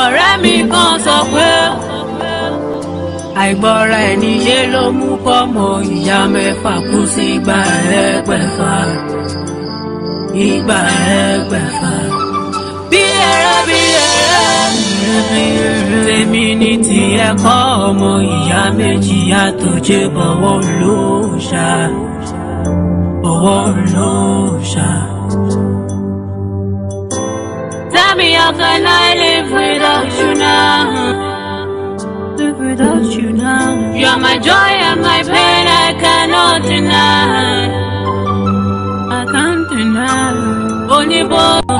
ọ̀rẹ́ mi kan sọ pé àìgbọ́ra ẹni yé ló mú kọ́mọ ìyá mẹ́fà kú sí igba ẹgbẹ̀fà igba ẹgbẹ̀fà. bí ẹrẹ́ bí ẹrẹ́ tèmi ní tiẹ̀ kọ́ ọmọ ìyá méjì àtòjé bọ̀wọ̀ lóòṣà bọ̀wọ̀ lóòṣà. me how can I live without you now? Live without you now. You're my joy and my pain, I cannot deny. I can't deny. Only boy,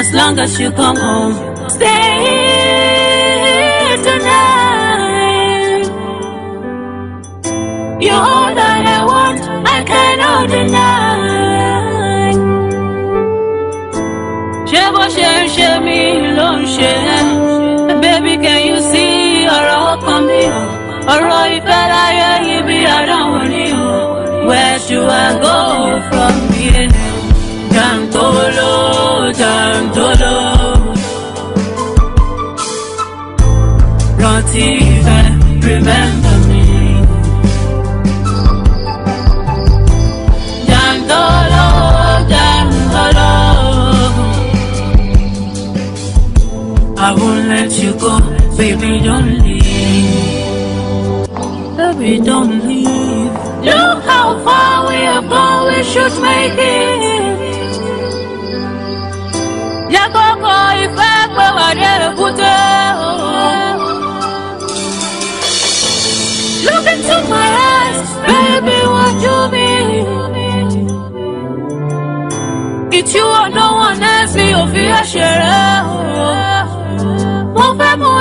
as long as you come home, stay here. Baby can you see ọ̀rọ̀ ọkàn mi? Ọ̀rọ̀ ìfẹ́ láyé yìí bí àdánwò ni you. Where do I go from here? Jàǹtóló, jàǹtóló. Rántí ìfẹ́, remember. go, baby, don't leave. Baby, don't leave. Look how far we have gone, we should make it. Yakoko, if I go, I Look into my eyes, baby, what you mean? It's you or no one else, me, or fear, share.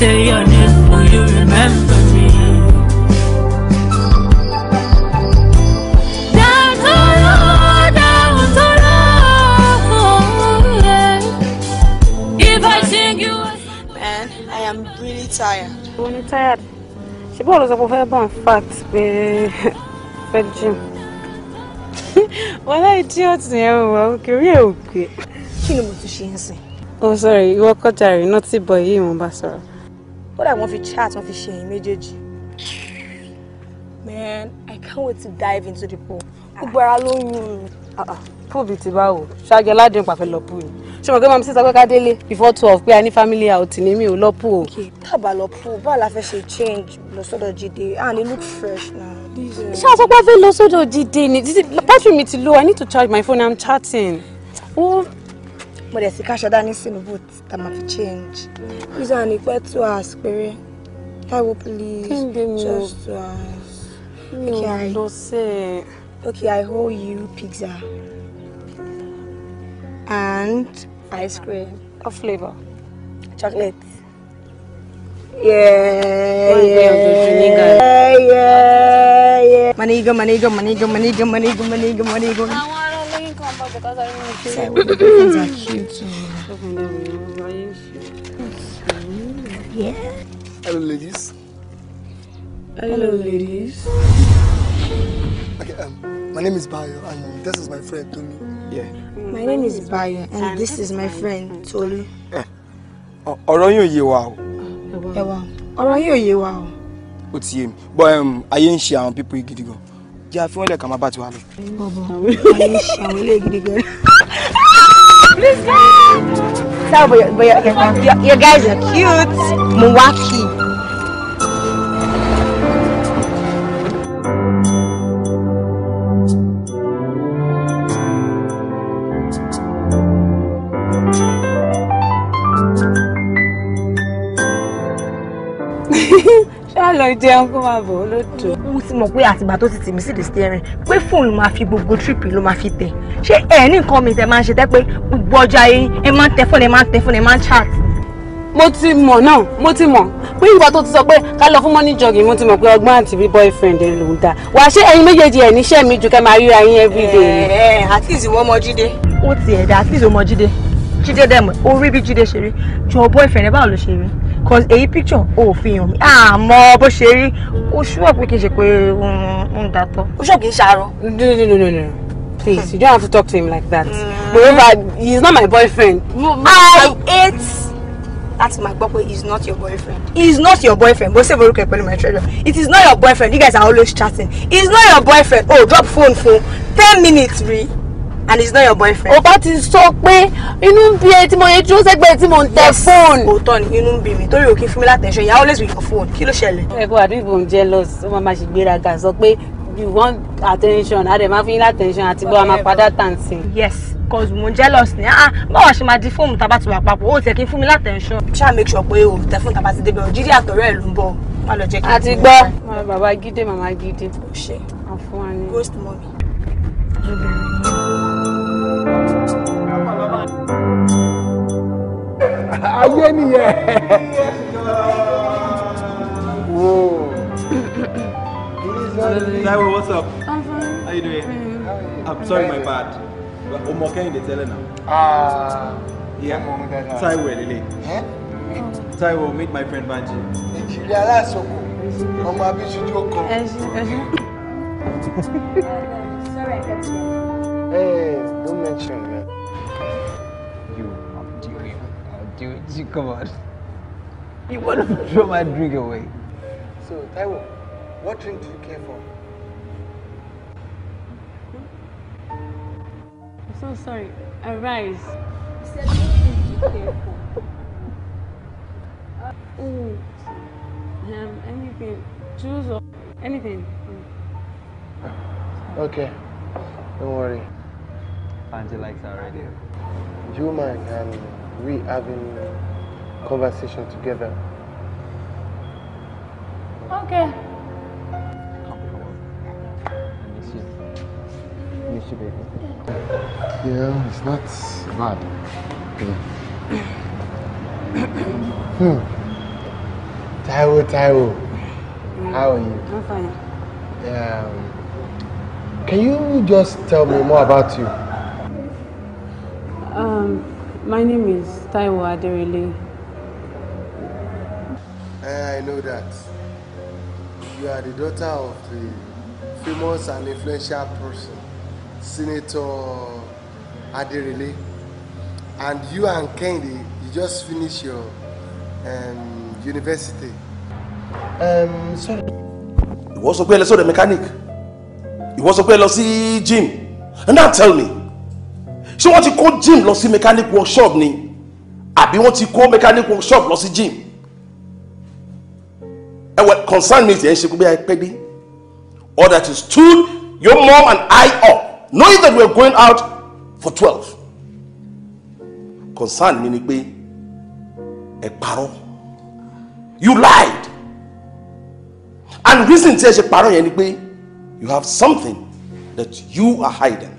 say your name, will you remember me? Man, I am really tired. When you're tired, she bought us a very fact, bed gym. Wọ́n láì tí ó ti yẹn wọ̀ òkè orí òkè. Kí ni mo tún ṣe ń Oh sorry, you are rẹ̀ nọ́tì bọ̀ yìí mo bá kódà wọ́n fi chat wọ́n fi ṣe ẹ̀yìn méjèèjì man i can't wait to dive into the pool gbogbo ara ló ń yún un. Ah, ah, pool bíi ti báwo ṣáájú aládùn pàfẹ́ lọ pool ni ṣé mo gbé màmí sísá pẹ́ká délé before twelve pé a ní family out ní mi ò lọ pool. tábà lọ pool báwo la fẹ́ ṣe change lọ sọ́dọ̀ jíde and it looks fresh now. ṣé a sọ pé a fẹ́ lọ sọ́dọ̀ jíde ni battery mi ti low i need to charge my phone i'm chatting. Oh, mo dẹ̀ sì káṣọ dání sínú boot tá a máa fi change visa ní pẹ́ two hours péré Táíwò please just two hours okay I okay I owe you pizza and ice cream what flavour chocolate. Yeah, yeah, yeah, yeah. Money Money Money Money go. go. go. go. Money go. Money go. Money go because I Hello, ladies. Hello, ladies. Okay, um, my name is Bayo, and this is my friend Tolu. Yeah. My name is Bayo, and this is my friend Tolu. Eh. Ọ̀rọ̀ yóò yé wa o. Ẹ̀wà. Ọ̀rọ̀ yóò yé wa o. Ó ti yé mi, but um, ayé ń ṣe àwọn pípọ̀ yìí jẹ́ àfihàn ilẹ̀ kan máa bá tiwa lọ. Please. So, but, but, but your guys are cute. Mwaki. o jẹun kó máa bọ̀ olódò. mo ti mọ̀ pé àtìgbà tó ti tì mí sí the steering pé fóònù máa fi gbogbo trip ló máa fi tẹ̀ ṣé ẹ ní nǹkan mi tẹ máa ń ṣe tẹ́ pé gbogbo ọjà yín ẹ máa ń tẹ fóònù ẹ máa ń tẹ fóònù ẹ máa ń chat. mo ti mọ̀ náà mo ti mọ̀ pé ìgbà tó ti sọ pé ká lọ fún money jogging mo ti mọ̀ pé ọgbọ́n àti bí boyfriend ẹ ló ń dà wà ṣé ẹ̀yin méjèèjì ẹ̀ níṣẹ́ mi ju kẹ́ máa ríra yín everyday. ẹ ẹ eh, eh, at least wọ́n mọ Jídé. ó ti ẹ̀dá at least wọ́n mọ Jídé Jídé dẹ̀ mọ̀ ó bí Jídé ṣe rí jọ boyfriend ẹ báwo ló ṣe rí cause èyí picture ò fi hàn mí àmọ́ bó ṣe rí ó ṣúwọ̀ pé kì í ṣe pé ń datọ́. ó ṣọ̀ kì í ṣàárọ̀. no no no no no please you don't have to talk to him like that. Mm. he is not my boyfriend. I hate That's my gbọ́ pé he is not your boyfriend. he is not your boyfriend bó ṣe mo rúkọ ìpẹ́lú my treasure it is not your boyfriend you guys are always chatting he is not your boyfriend oh drop phone fún ten minutes rí. Really and he's not your boyfriend. ọba ti sọ pé inú ń bí ẹ tí mo yẹ dúró sẹ́gbẹ̀ẹ́ tí mo ń tẹ fóònù. òótọ́ ni inú ń bí mi torí òkè fún mi látẹ̀ṣọ ìyá always with your phone kí ló ṣẹlẹ̀. ẹ kó àdúgbò ń jealous ó máa ma ṣe gbéraga sọ pé you want attention a dẹ̀ máa fi ń attention àti bó a máa padà tàǹsì. yes cause mo jealous ni ah, ah báwa ṣe máa di fóònù tá a bá ti wà papọ̀ ó tẹ̀ kí fún mi látẹ̀ṣọ. ṣáà make sure pé o tẹ fóònù tá a bá ti débẹ̀ òjì má lọ jẹ́ kí n àti gbọ́. bàbá gídé màmá gídé. ṣe àfọwọ́ni. ghost mummy ayé nìyẹn wo. Taiwo, what's up? I'm fine. How you doing? I'm sorry, my bad. Ọmọ Kẹ́hìn dey tell now. Ah. Yeah. Taiwo Elele. Eh? Taiwo meet my friend Banji. Èjìlé aláṣọkò ọmọ abíṣojú ọkọ. Ẹ ṣe ẹ ṣe. Sọ́rọ̀ ẹ̀kẹ́ tí Hey, don't mention that. You, dude, do you come on. You want to throw my drink away. So, Taiwo, what drink do you care for? I'm so sorry. Arise. You said what drink you care for? Uh, ooh, um, anything. Juice or anything. Okay, don't worry. Auntie likes our radio. Do you mind um, we having conversation together? Okay. miss you. miss you, baby. Yeah, it's not bad. Yeah. hmm. Taiwo, Taiwo. Mm. How are you? I'm fine. Yeah. Um, can you just tell me more about you? Um, my name is Taiwo Aderele. Eh, I know that. You are the daughter of the famous and influential person, Senator Aderele. And you and Kennedy, you just finished your um, university. Um, sorry. Ìwọ sọ pé ẹ lọ the mechanic. Ìwọ was pé ẹ lọ sí gym. And now tell me ṣé wọ́n ti kó gym lọ sí mechanic workshop ni àbí wọ́n ti kó mechanic workshop lọ sí gym ẹwẹ concern me tiẹ̀ ń ṣe pé bẹ́ẹ̀ pẹ́ dé or that is stood your mom and I up knowing that we are going out for twelve concern mi ni pé ẹ parọ́ you lied and reason tí ẹ ṣe parọ́ yẹn ni pé you have something that you are hiding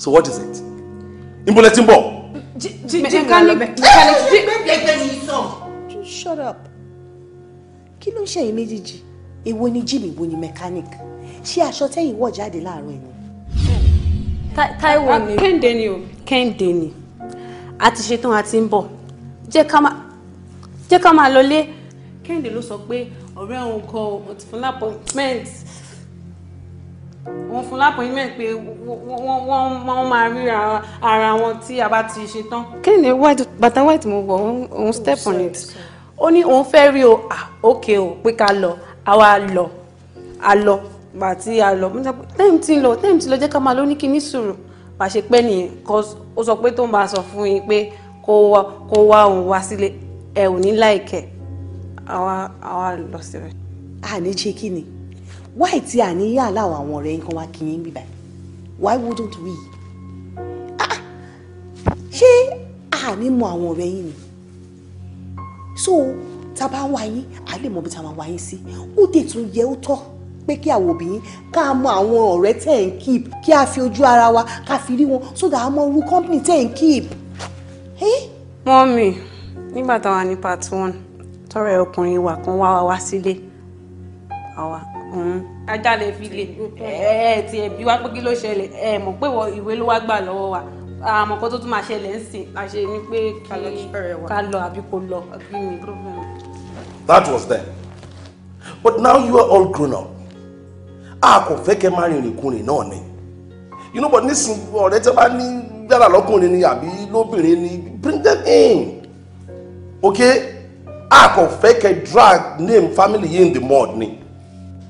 so what is it níbo lẹ ti mechanic mechanic shut up kí ló ń ṣe yín méjèèjì èwo ni jíìmù èwo ni mechanic ṣé aṣọ tẹ́yìn wọ̀ jáde láàárọ̀ ẹ̀ ni. Táíwò ah, ni Kẹ́hìndé ni o Kẹ́hìndé ni a ti ṣetán a ti ń bọ̀ jẹ́ ká máa lọlé Kẹ́hìndé ló sọ pé ọ̀rẹ́ òun kọ ọ̀tún fún appointment wọ́n fún lápọ̀yìnmẹ̀ pé wọ́n máa rí ara wọn tí a bá ti ṣe tán. kí ni white bàtà white mo wọ òun step on it ó ní òun fẹ́ rí o òkè ah, o pé ká lọ àwa lọ a lọ àti a lọ tẹ́yìn tí ń lọ tẹ́yìn tí ń lọ jẹ́ ká máa lọ ní kí ní sùúrù bá ṣe pẹ́ nìyẹn ó sọ pé tó ń bá a sọ fún yín pé kó wá òun wá sílé ẹ ò ní láìkẹ́ àwa lọ síbẹ̀. àní ṣe kí ni why tí a ní yá aláwọ̀ àwọn ọ̀rẹ́ nǹkan wá kí yín bíbá why wouldn't we ah, ah. ṣé a ní mọ àwọn ọ̀rẹ́ yín ni so tá a bá wá yín a lè mọ bí tá a máa wá yín sí ó dè tún yẹ ó tọ́ pé kí àwọn òbí yín ká mọ àwọn ọ̀rẹ́ tẹ̀ ń keep kí a fi ojú ara wa ká fi rí wọn so that a mọ irú company tẹ̀ ń keep. mọ́mì nígbà táwa ní part one tọrẹ ọkùnrin wa kan wá wá wá sílé àwa gùn mm. ajá fi lè ẹ ẹ ti ẹbí wá pé kí ló ṣẹlẹ̀ ẹ mọ̀ pé ìwé ló wá gbà lọ́wọ́ wa àmọ́ kó tó tún máa ṣẹlẹ̀ ń sìn la ni pé kí ká lọ àbí kó lọ kí ni problem. that was then but now you are all grown up a kò fẹ́ kẹ́ máa rìnrìn kùnrin náà ni you know but nísìn ọ̀rẹ́ tí wọ́n bá ní yàrá lọ́kùnrin ni àbí lóbìnrin ni bring them in okay a kò fẹ́ kẹ́ drag name family yìí in the mud ni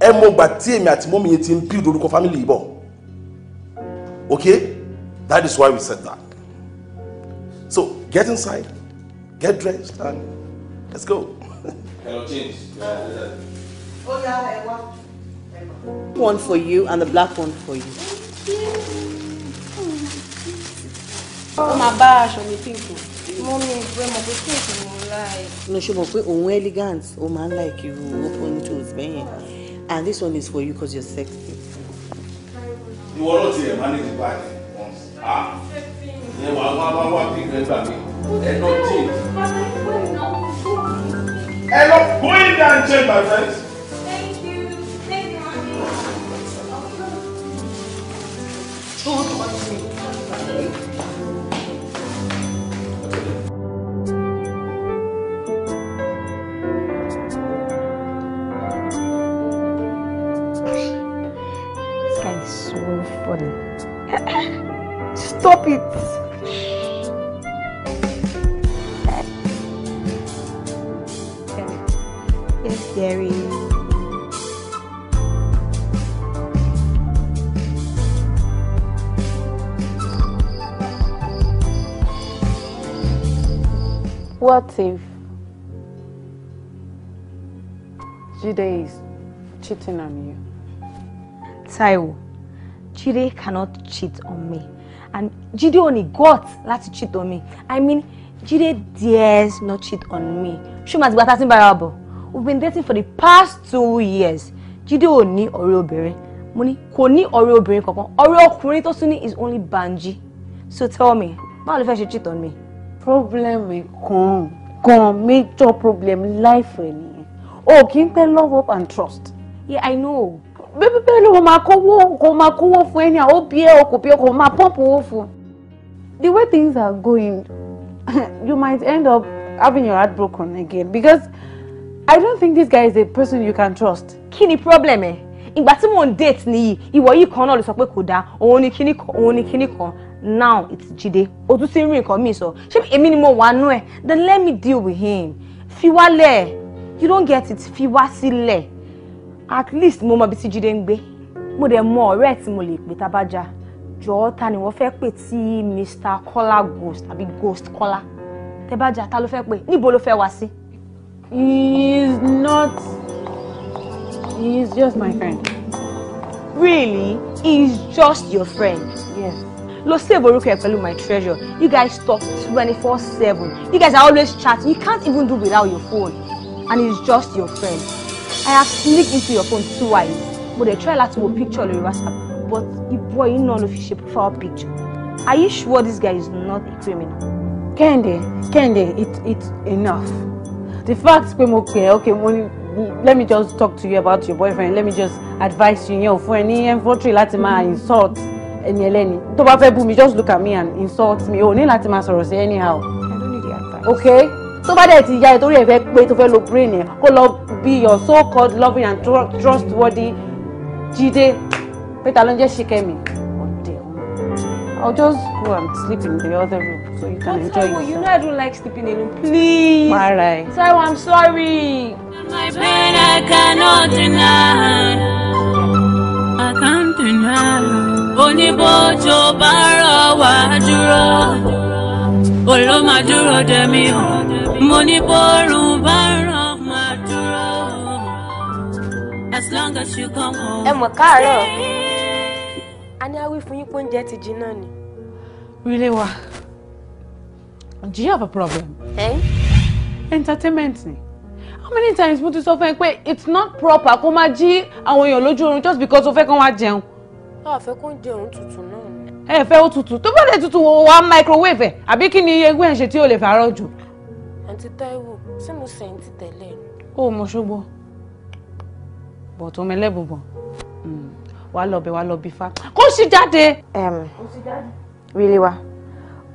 ẹ mọ gbà tí èmi àti mọ́mí yẹn ti ń build orúkọ family yìí bọ̀ okay that is why we said that so get inside get dressed and let's go. hello james. ó yá ẹ wá. one for you and the black one for you. ó máa bá aṣọ mi pink mọ́ mi ìgbẹ́ mọ̀ pé pink mo like. ní o ṣe mọ̀ pé òun elegant ó máa ń like irú open toes bẹ́yẹn and this one is for you because you're sexy. ìwọ náà ti rẹ̀ máa ní ìdìbò àti once ah ìyẹn one, one, one, one, one. ìgbẹ́ gbà mí ẹ náà tí. ẹ lọ go in there and change my friends. Taiwo Jide cannot cheat on me and Jide only got láti cheat on me I mean Jide dares not cheat on me ṣùgbọ́n àti gbàtà sí bára bọ̀ we've been dating for the past two years Jide ò ní ọ̀rẹ́ obìnrin mo ní kò ní ọ̀rẹ́ obìnrin kankan ọ̀rẹ́ ọkùnrin tó tún ní is only Banji so tell me báwo ló fẹ́ ṣe cheat on me. problem kan kan major problem life rẹ nìyẹn o kì í pẹ́ love up and trust. yeah I know bẹ́ẹ̀ bẹ́ẹ̀ ló máa kówó kó máa kówó fún ẹni àwọn bí ẹ ọkọ̀ bí ọkọ̀ máa pọ́ǹpù owó fún. the way things are going you might end up having your heart broken again because I don't think this guy is a person you can trust. kí ni problem ẹ ìgbà tí mò ń date nìyí ìwọ yìí kan náà ló sọ pé kò dáa òun ni kíní kan òun ni kíní kan now it's Jide o tún ti ń rí nǹkan mi sọ ṣé èmi ni mo wà nú ẹ then let me deal with him fiwálẹ̀ you don't get it fiwá sílẹ̀ at least mo mọ ibi tí Jídé ń gbé mo dẹ̀ mọ ọ̀rẹ́ tí mo lè pè tábàjá jọ̀ọ́ ta ni wọ́n fẹ́ pè tí Mr. Kọ́lá Ghost àbí Ghost Kọ́lá tẹ́bàjá ta ló fẹ́ pè níbo ló fẹ́ wá sí. he is not he is just my friend. really he is just your friend. yes. lo save orúkọ ẹ pẹ̀lú my treasure you guys talk twenty four seven you guys are always chatting you can't even do without your phone and he is just your friend. I have sneaked into your phone twice. but they try láti wo picture lórí WhatsApp but ìbọ̀ yìí náà ló fi ṣe profile picture. Are you sure this guy is not a criminal? Candy, Candy, it's it enough. The fact pé okay, okay mo let me just talk to you about your boyfriend let me just advise you your friend. fún ẹ ní infantry láti mm-hmm. insult ẹni ẹlẹ́ni don't bá fẹ́ just look at me and insult me Oh, ní láti máa sọ̀rọ̀ anyhow. I don't need the advice. Okay tó bá dẹ̀ ti ya ẹ torí ẹ fẹ́ pé tó fẹ́ lo brain ẹ kó lọ be your so called loving and trustworthy Jide peter ló ń jẹ́ Ṣíkẹ́mi ọ̀dẹ̀ I'll just go and sleep in the other room so you can enjoy yourself. you know I don't like sleeping alone please. Mara. Taiwo I'm sorry. My pain I cannot deny. I can't deny. Oníbojò bá rọ̀ wá dúró. Olo máa dúró dè mí o, mo ní bọ́ọ̀rùn bá ràn máa dúró. As long as you come home. Ẹ mọ̀ káàárọ̀, a ní awí fún yín pé oúnjẹ ti jinná ni. Rílé wa, do you have a problem? Eh? Entertainment ni. How many times mo ti sọ fún ẹ pé it's not proper kó máa jí àwọn èèyàn lójú oorun just because o fẹ́ kán wá jẹun? Báwo fẹ́ kó ń jẹun tuntun náà? ẹ fẹ́ ó tutù tó bá lè tutù wà microwave ẹ̀ àbí kí ni ewé ẹ̀ ń ṣe tí ó lè fàárọ̀ jù. àǹtí Táíwò tí mo sẹ̀ ń ti tẹ̀lé ẹ̀. ó mọ ṣógbó bọ̀ tó mẹlẹ́bùbọ̀ hmm. wà lọ́bẹ̀ wà lọ́bí fa kó sì jáde. rílé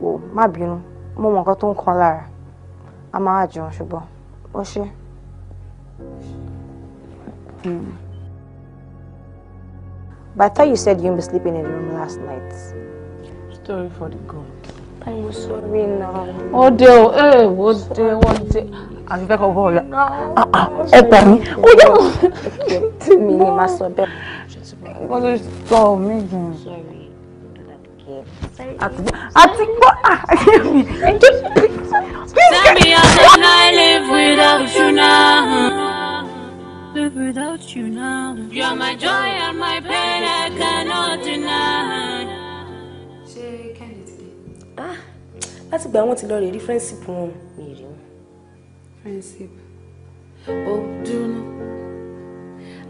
o má bínú mo mọ nǹkan tó ń kan lára a máa jẹun ṣùgbọ́n ó ṣe. Mm. But I thought you said you were sleeping in the room last night. Story for the gods. I'm sorry now. Ó dé o, eh, ó dé, ó dé. Àfi fẹ́ kọ́ bọ́ ọ̀la. Ẹ Ah, ah. Ó yẹ mọ̀. Tí mi ni máa sọ bẹ́ẹ̀. Nǹkan tó sọ mí gan. Àti gbọ́ àyè mi. Tell me how can I live without you now? live without you now. You're my joy and my pain, I cannot deny. Ṣé Kẹ́ndé ti dé? Ah, láti gba àwọn tí lọ rè rí friendship wọn mi rí wọn. Friendship? Ó dúró ná.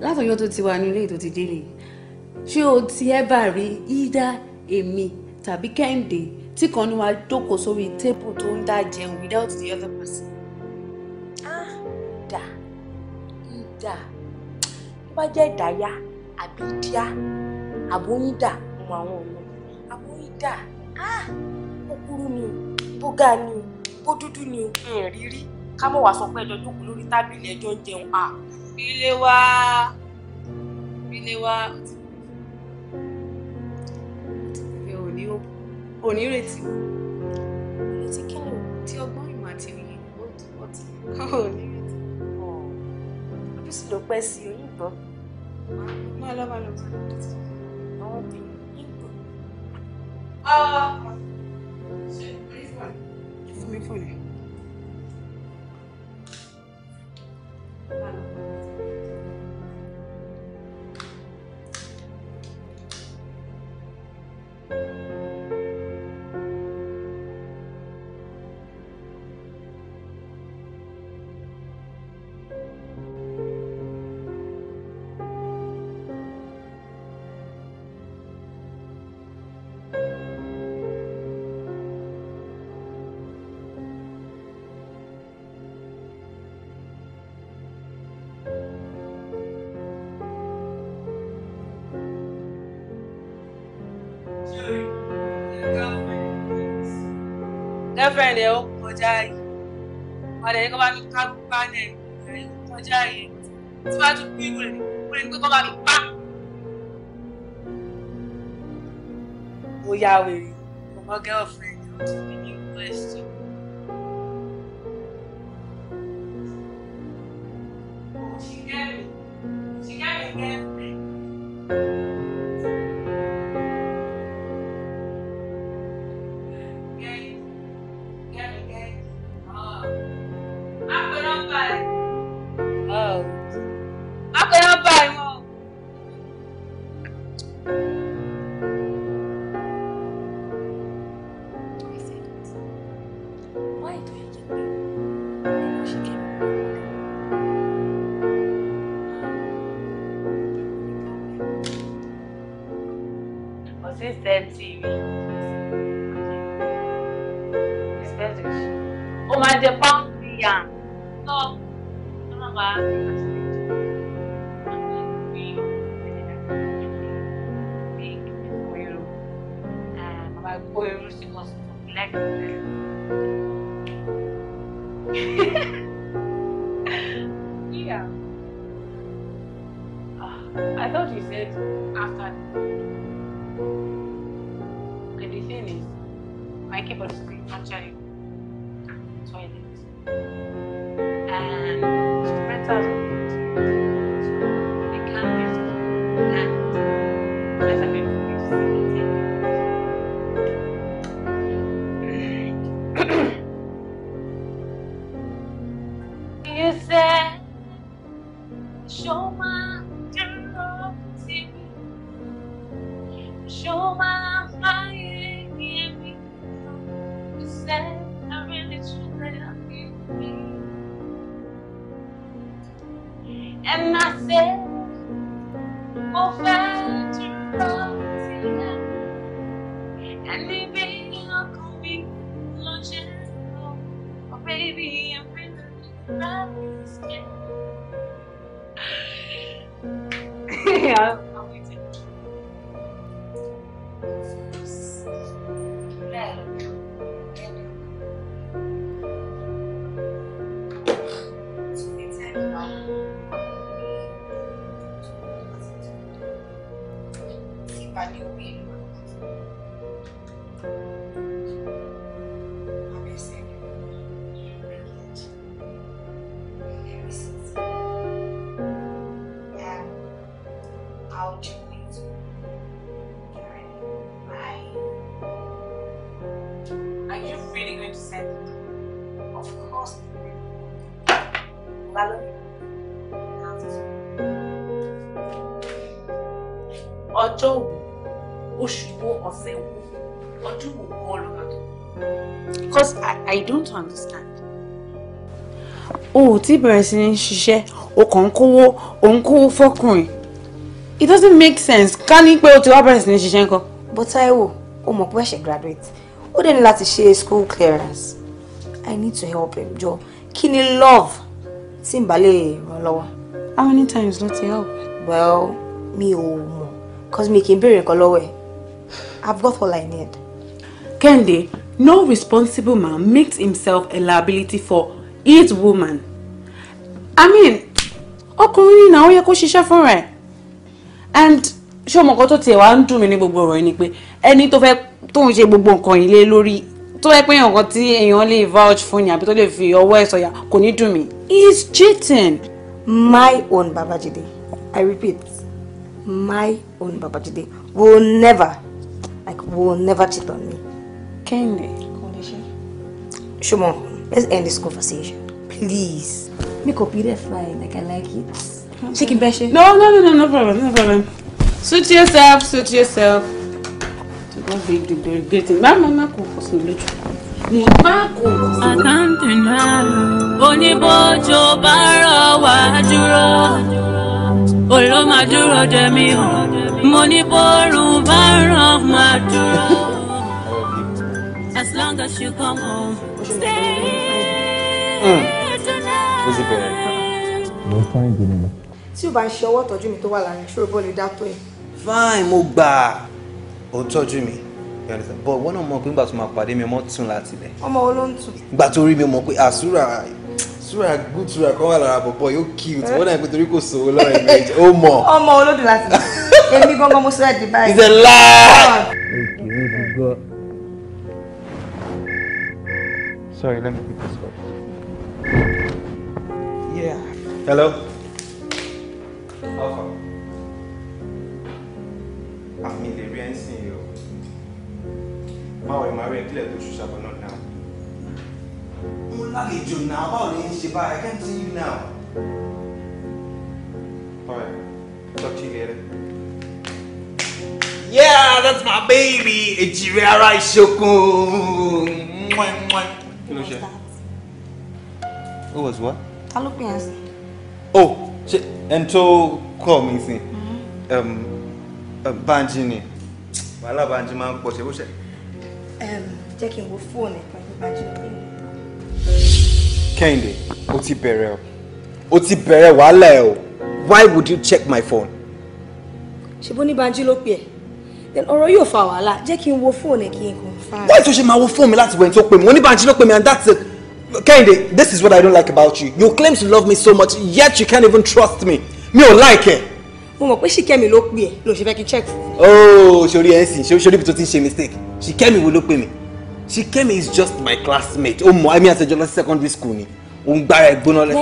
Látọ̀yọ́ tó ti wà ní ilé ètò ti délé, ṣé o ti ẹ́ bá rí ídá èmi tàbí Kẹ́ndé tí kan ní wa jókòó sórí tébù tó ń dá jẹun without the other person? Ah, da dáa tó bá jẹ́ ìdáyà àbí ìdíá àbóyín dà mọ àwọn ọmọ àbóyín dà ó kúrú ni bó ga ni bó dúdú ni ìrírí ká mọ̀ wá sọ pé ẹjọ́ jókòó lórí tábìlì ẹjọ́ ń jẹun à. ilé wa ilé wa òní òní retí retí kí ni tí ọgbọ́n ìmọ̀ àti òye ó ti ó ti òní. sì ló pẹ́ sí onígbọ́. má lọ má lọ sí ọ̀dọ̀ àwọn obìnrin onígbọ́. Ah, ṣe orí fóònù. fún mi Thank you. girlfriend ẹ ó kọjá yìí padà yẹ kó bá mi ká gbá ní ẹ kọjá yìí tí bá tún gbé wúlò ní wúlò pé kó bá mi pa. mo ya wèrè mo mọ girlfriend ó ti fi ní ìlú yeah. Uh, I thought you said after. Okay, the thing is, I keep screen, actually. tí bẹ̀rẹ̀ sí ní ṣiṣẹ́ o kàn ń kówó o ń kówó fọkùnrin it doesn't make sense ká ní pé o ti wá bẹ̀rẹ̀ sí ní ṣiṣẹ́ nǹkan. bó Táíwò o mọ̀ pé ẹ̀ṣẹ̀ graduate ó dẹ̀ ní láti ṣe school clearance i need to help him jọ kí ni love tí n bá lè ràn lọ́wọ́. how many times ló ti help. well mi ò mọ̀ cause mi kì í béèrè nǹkan lọ́wọ́ ẹ̀ i've got all i need. Kẹ́hìndé no responsible man makes himself a liability for each woman i mean ọkùnrin náà ó yẹ kó ṣiṣẹ́ fúnra ẹ̀ and ṣé ọmọ kan tó tiẹ̀ wá ń dùn mí ní gbogbo ọ̀rọ̀ yìí ni pé ẹni tó fẹ́ tó ń ṣe gbogbo nǹkan yìí lé lórí tó fẹ́ pé èèyàn kan tí èèyàn lè vouch fún ni àbí tó lè fi ọwọ́ ẹ̀ sọ̀yà kò ní dùn mí he is cheating. my own Babajide i repeat my own Babajide will never like will never cheat on me. kẹ́hìndé. ṣùgbọ́n let's end this conversation please. Me copy it fly, like I like it. Ṣé kí No no no no no problem no problem. Suit yourself suit yourself. To go big to go great thing. Báwo máa kò kò sí lójú? As long as you come home, stay. Mm ó sì bẹ̀rẹ̀. mo fáyìn jù mí lọ. tí o bá ń ṣe ọwọ́ tọ́jú mi tó wà lára ìṣòro bọ́ọ̀lù dá tó yìí. fine mo gbà ó tọ́jú mi but wọ́n náà mọ̀ pé nígbà tó máa pàdé mi ọmọ tún láti lẹ̀. ọmọ wo ló ń tún. ìgbà tó rí mi mọ̀ pé àsúrà ah, sura good sura kan wà lára bọ̀bọ̀ yóò cute wọ́n náà pé torí kò sówó lọ́rọ̀ ìmẹ̀jì ó mọ̀. ọmọ olódò láti lọ èmi gangan mo sọ́ọ́ di báyìí. it's a lie. sorry let me pick this up. Hello? Alpha. Àmì lè rí ẹ́nsìn yìí o. Báwo ni màá rí ẹ̀kílẹ̀ tó ṣù ṣàbọ̀ náà náà? Mo lálejò náà, báwo ni ń ṣe báyìí? I can't see you now. Alright, talk to you later. Yeah, that's my baby! Èjìrè ara ìṣokùn! Kí ló ṣe? Who was what? Ta ló oh ṣe ẹni tó kọ́ mi sí um, um, banji ni wàhálà banji máa ń pọ̀ ṣe bó ṣe. Um, jẹ́ kí n wo fóònù ẹ̀ka ní mi. Kẹ́hìndé o ti bẹ̀rẹ̀ o o ti bẹ̀rẹ̀ wàhálà ẹ̀ o why would you check my phone. ṣebó ní banji ló pè ẹ́ then ọ̀rọ̀ yóò fa wàhálà jẹ́ kí n wo fóònù ẹ̀ kí n kò fa. wáyé tó ṣe máa wo fóònù mi láti wẹ̀ ní tó pè mí oníbànjí ló pè mí and that's it Kehinde, this is what I don't like about you. You claim to love me so much, yet you can't even trust me. Mi ò like ẹ. Mo mọ̀ pé Ṣìkẹ́mi ló pè é, ló ṣe fẹ́ kí check fún. Oh, sori ẹ̀ ń sìn, sori ibi tó ti ń ṣe mistake. Ṣìkẹ́mi wo ló pè mí? Ṣìkẹ́mi is just my classmate. O mọ̀, Ami àtẹ̀jọ́ lọ sí secondary school ni. O ń gbára ẹ̀ gbóná lẹ.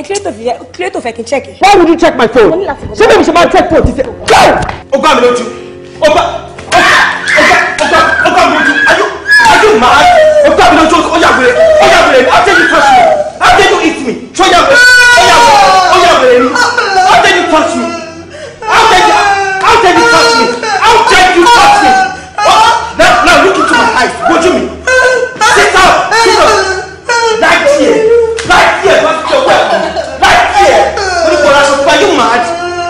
Kílẹ̀tò fẹ́ kí n check. Why would you check my phone? Ṣé bẹ́ẹ̀ mi ṣe máa check phone ti fẹ́? Go! Ó gbá mi lójú. Ó gbá mi lójú. Ayú you mad? ass o gbà mí lójú ó yàgbére ó yàgbére ni after you touch me How dare you eat me ṣó yàgbére ó yàgbére ni after you touch me How dare you How dare you touch me How dare you touch me now now look into my eyes What do you mean? sit down sit down right here right here What's your well right here olùkọ́ ra sọ fún are you mad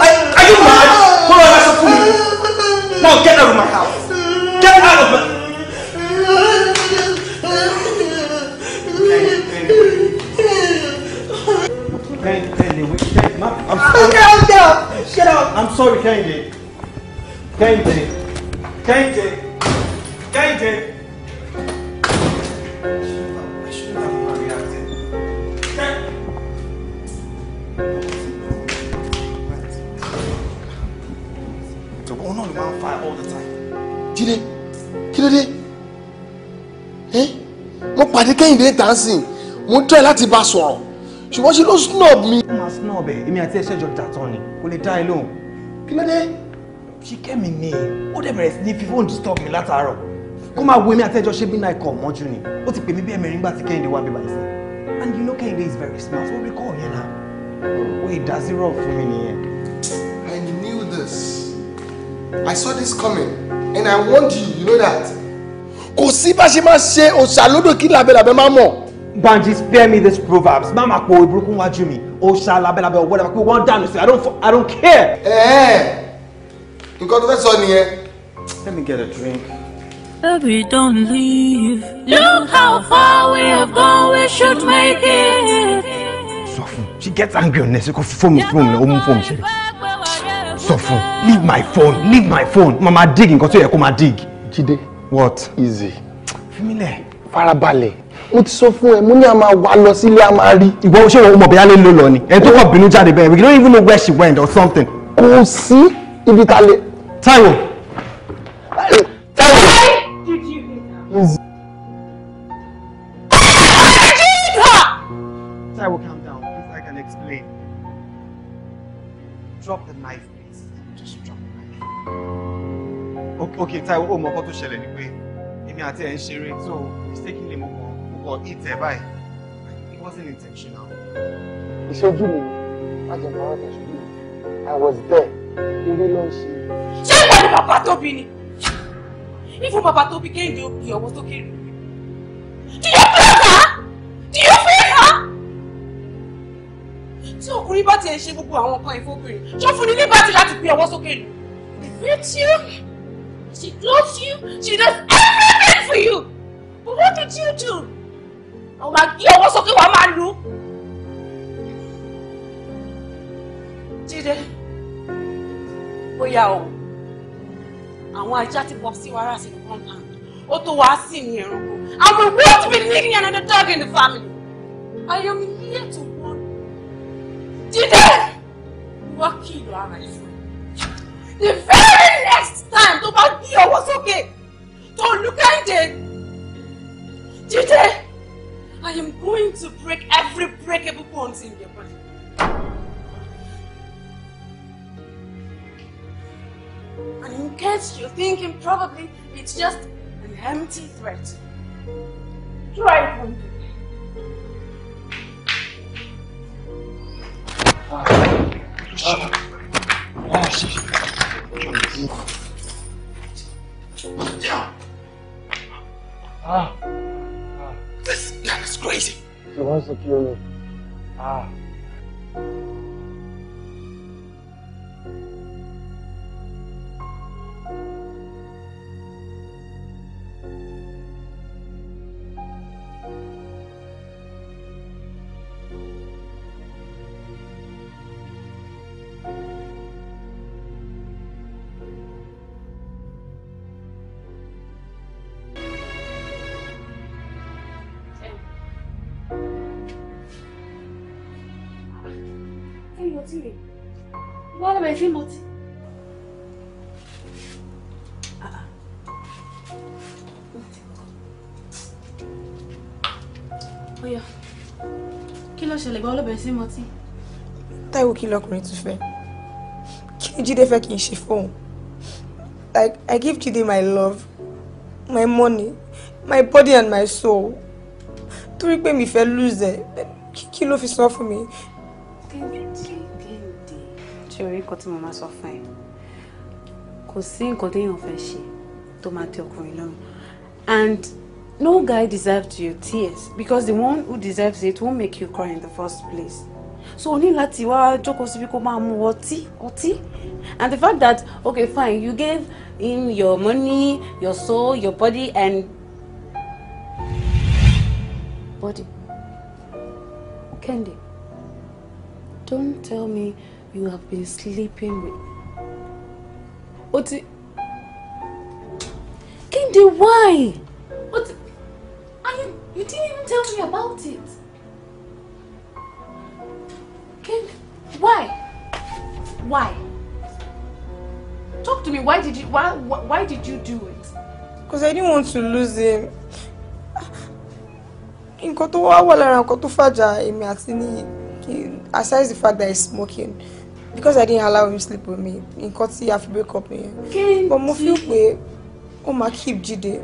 are you mad kó lọ́ọ́ ra sọ fún now get out of my house get out. Ah, I'm sorry. Get out! Get out! I'm sorry, Kẹ́hìndé. Kẹ́hìndé. Kẹ́hìndé. Kẹ́hìndé. òun náà ló máa ń all the time. jíde kí ló dé ẹ mo pàdé Kẹ́hìndé dancing. mo tọ́ ẹ láti bá sọ̀rọ̀ ṣùgbọ́n ṣe ló snob mi. ó máa snob ẹ èmi àti ẹṣẹ jọ dàtọ ni kò lè dá ẹ lóhùn kí ló dé ṣe kẹ́mi ni ó dẹ̀ bẹ̀rẹ̀ sí ní fi fóònù disturb mi látàárọ̀ kó máa wo èmi àti ẹjọ ṣe bí náà ikọ̀ mọ́jú ni ó ti pè mí bí ẹ̀mẹ̀rin nígbà tí Kẹ́hìndé wá bíbá yìí sí and you know Kẹ́hìndé is very smart ó rí kọ́ ọ̀yẹ́ náà ó ìdásírọ̀ fún mi nìyẹn. I knew this I saw this coming and I warned you you know that. kò sí bá ṣe máa ṣe òṣàlódò kí làbẹ́làbẹ́ máa mọ̀. Banji spare me this proverbs má máa pọ̀ ìburúkú wájú mi ó ṣá lábẹ́lábẹ́ or whatever pé wọ́n dànù sí i don't I don't care. nǹkan tó fẹ́ sọ nìyẹn. let me get a drink. Baby, don't leave. Look how far we have gone, we should make it. Sọ fún, she gets angry on this. Kò phone fóònù náà, ó mú fóònù ṣe. Sọ fún, leave my phone, leave my phone. Mama dig nǹkan to yẹ kó máa dig. Jide, What? Easy. Fímílẹ̀ farabalẹ̀ mo ti sọ fún ẹ mo ní a máa wá lọ sílé a máa rí. ìwọ ṣé o mọ̀ bẹ́yà lè lò lọ ni ẹni tó kàn bínú jáde bẹ́ẹ̀ we don't even know where she went or something. kò sí ibi ta lè. Táíwò. Táíwò. Táíwò, calm down I can explain. Drop the knife please just drop the knife. Okay Táíwò o mọ̀ ọkọ tó ṣẹlẹ̀ àti ẹ̀ ń ṣeré so mistakenly mo kàn mo kàn ìtẹ̀ báyìí it wasn't intentional. ìṣojú mi májè máa wá mi i was there eré ló ń ṣe. ṣé ìwọ ni bàbá tóbi ni ifo bàbá tóbi kẹ́hìndé òkè ọwọ́ tó kéré do you feel her do you feel her. tí ọkùnrin bá tiẹ̀ ṣe gbogbo àwọn nǹkan ìfọ́bìnrin ṣọ́ fún ni ní bá láti gbé ọwọ́ sókè nù. She beats you. She gloves you. She does everything for you but what did you do àwọn máa gbé ọwọ́ sókè wàá máa lù ú. Oh yeah, o àwọn ajá ti pọ̀ sí wàrà sí compound ó tó wàá sí ní ẹranko and we won't be leaving another dog in the family I am here to warn you jíde wọ́n kìlọ̀ ara ẹ̀ fún ẹ the very next time tó bá gbé ọwọ́ sókè. Tolukayde! Jide! I am going to break every breakable bond in your body. And in case you're thinking probably it's just an empty threat, try it one day. Ah. Ah, Ah. ah. This man is crazy. He wants to kill me. Ah. bẹ̀rẹ̀ sí mọtí. Táíwò kí lọkùnrin tún fẹ́ kí ni Jídé fẹ́ kí n ṣe fóun like I give Jide my love my money my body and my soul torí pé mi fẹ́ lose ẹ̀ kí ló fi sọ fún mi. ṣé orí kan tí mo máa sọ fún ẹ kò sí nǹkan téèyàn fẹ́ ṣe tó máa tẹ́ ọkùnrin lọ́rùn and. No guy deserves your tears because the one who deserves it won't make you cry in the first place. So only ní láti wá jókòó síbi kó máa mu ọtí ọtí and the fact that okay fine you gave him your money your soul your body and body. Kendi, don't tell me you have been sleeping with Oti. Kendi, why? And you, you didn't even tell me about it. Ken, why? Why? Talk to me. Why did you why why did you do it? Because I didn't want to lose him. In koto wa wà lára nǹkan tó fàjà èmi àti aside the fact that he's smoking because I didn't allow him sleep with me nǹkan tí a fi break up nìyẹn. But mo feel pé ó máa keep Jídé.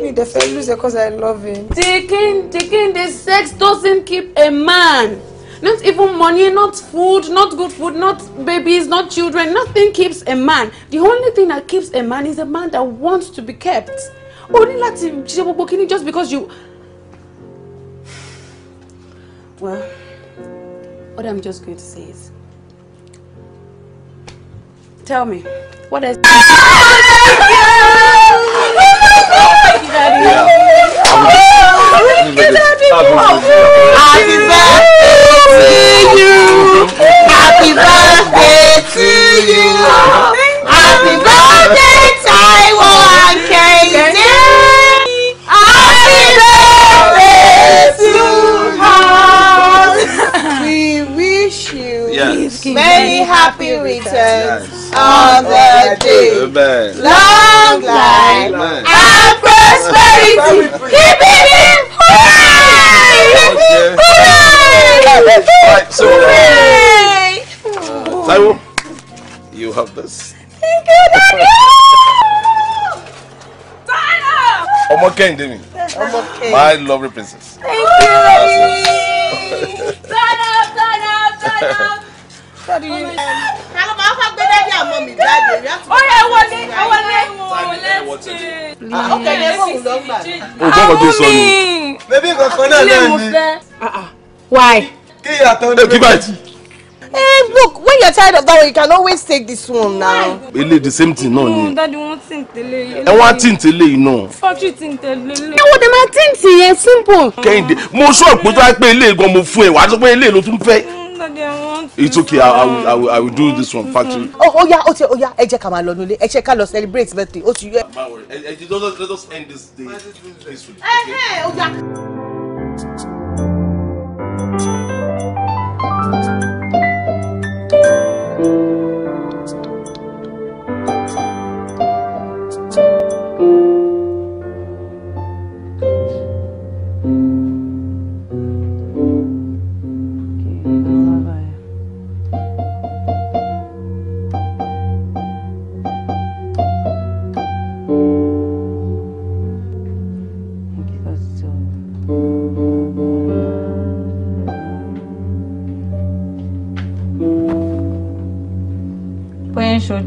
Me, the lose loser cause I love him. Taking, taking the sex doesn't keep a man. Not even money, not food, not good food, not babies, not children. Nothing keeps a man. The only thing that keeps a man is a man that wants to be kept. Only láti ṣe gbogbo kini just because you. Well, what I'm just going to say is, tell me, what is. Ah! Happy birthday to you. Happy birthday to you. Happy birthday, Taiwan KZ. Happy birthday to us. We wish you yes. many happy returns yes. on the day. Long life and prosperity. Keep it in. Alright, so Hooray! Taiwo, you have this. Thank you, Daddy. Daniel! Ọmọ Kẹ́hìndé Demi. Ọmọ Kẹ́hìndé. My lovely princess. Thank you. Turn up, turn up, turn up sọ́ọ́dì yìí. ta ló máa fẹ́ gbé dádì àmọ́ mi jáde rí àtúntò. ó yẹ owó ní owó ní. ọkẹ́ ní ẹ̀fọ́ òun lọ gbà. o gbọ́dọ̀ tó sọ ni. bébí nǹkan kan náà náà Hey, look, when you're tired of that one, you can always take this one now. Believe the same thing, no? Mm, daddy won't think tele. E won think tele, you know. Factory think tele. E won dem think tele, simple. Kẹ́hìndé, simple. sọ pé tó wá pé pay gan go move away. What's sọ pé ilé ló tún fẹ́. It's okay. I, I, will, I, will, I will do this one factory. Mm-hmm. Oh, oh yeah, okay, oh, oh yeah. Ẹ jẹ́ ká máa lọ nílé. Ẹ jẹ́ ká lọ celebrate birthday. Oh, you. Don't worry. Let us let us end this day peacefully. Eh, hey, hey, oh yeah. Thank you.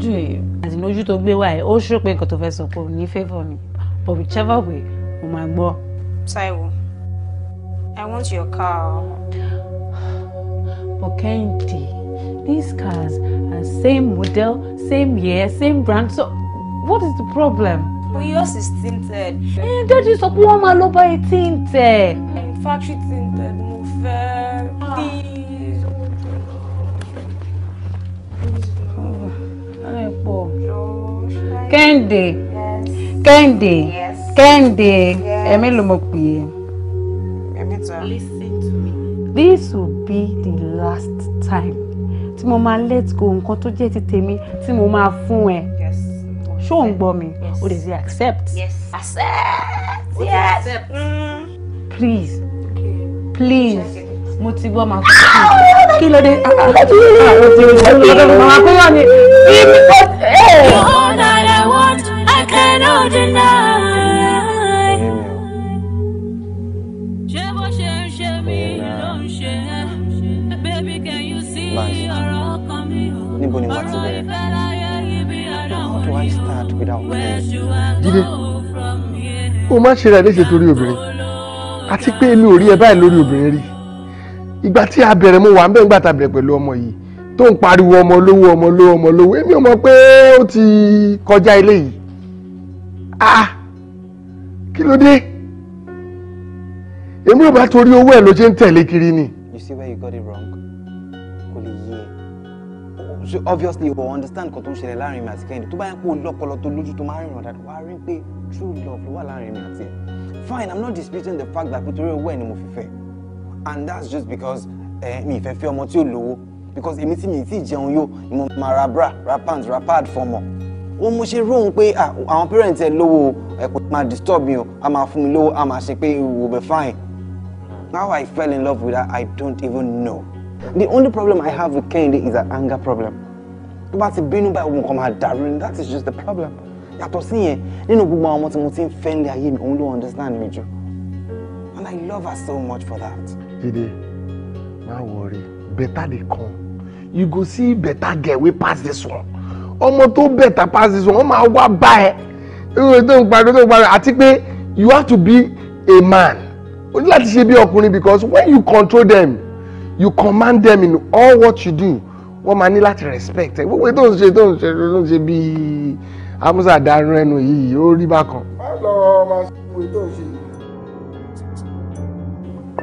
lójú yìí àti lójú tó gbé wá ẹ̀ ó ṣó nǹkan tó fẹ́ sọ pé òní favour mi but whichever way mo máa gbọ́. Taiwo I want your car. but Kẹ́hìndé these cars are same model same year same brand so what is the problem. but yours is tinted. ẹ eh, dájú sọ pé wọ́n máa ló bá ẹ tinted. Eh, factory tinted mo fẹ́ bí. Ah. bọ̀ kẹ́hìndé kẹ́hìndé kẹ́hìndé ẹ̀mí Listen to me. this will be the last time tí mo máa let go nǹkan tó jẹ́ ti tèmi tí mo máa fún ẹ ṣó ń gbọ́ mi o lè say accept yes. accept yes. yes. Mm. please okay. please mo ti wá máa fún un kí ló dé ah, ah. àwọn ah, ti rìn lọ́wọ́ ní. All that I want, I cannot deny. ṣé bó ṣe ń ṣe mí baby can you see ọ̀rọ̀ do I go from here. o má ṣe rẹ̀ léṣe torí obìnrin àti pé mi ò rí ẹ báyìí lórí obìnrin rí ìgbà tí a bẹ̀rẹ̀ mo wà ń bẹ̀ ńgbà tá a bẹ̀rẹ̀ pẹ̀lú ọmọ yìí tó ń pariwo ọmọ olówó ọmọ olówó ọmọ olówó èmi ò pé ó ti kọjá ilé yìí ah kí ló dé èmi ò bá torí owó ẹ̀ ló ṣe ń tẹ̀lé kiri ni. you see where you got it wrong kò lè yé e so obviously o understand kan tó ń ṣẹlẹ̀ láàrin mi àti Kẹ́hìndé tó bá yẹ kó lọ́pọlọ tó lójú tó máa ń rìnrìn àdàdà wá rí pé true love ló wà láàrin mi àti ẹ̀ fine i'm not disputing the fact that pé torí owó ẹ̀ ni mo fi fẹ́ and that's just because eh, mi ìfẹ́ fẹ́ ọmọ tí ò lówó because èmi tí mi ti jẹun yó ni mo máa ra bra ra pants ra pad fọmọ ó mo ṣe róhun pé àwọn parents ẹ lówó ẹ kò máa disturb mi o a máa fún mi lówó a máa ṣe pé we be fine now I fell in love with her I don't even know the only problem I have with Kehinde is an anger problem tó bá ti bínú báyìí òun kan máa dàrú ni that is just the problem yàtọ̀ sí yẹn nínú gbogbo àwọn ọmọ tí mo ti ń fẹ́ nílé ayé mi òun ló understand mi jù and I love her so much for that. Jide, no worry. Better dey come. You go see better girl wey pass this one. Ọmọ tó better pass this one, wọ́n máa wá bá ẹ. Irú tó ń pariwo tó ń pariwo àti pé you have to be a man. O ní láti ṣe bí ọkùnrin because when you control them, you command them in all what you do. Wọ́n máa ní láti respect ẹ. Gbogbo ètò ìṣe tó ń ṣe tó ń ṣe bíi Amusa Darun ẹnu yìí, ó rí bákan. Má lọ ọmọ sí ìwé tó ń ṣe yìí.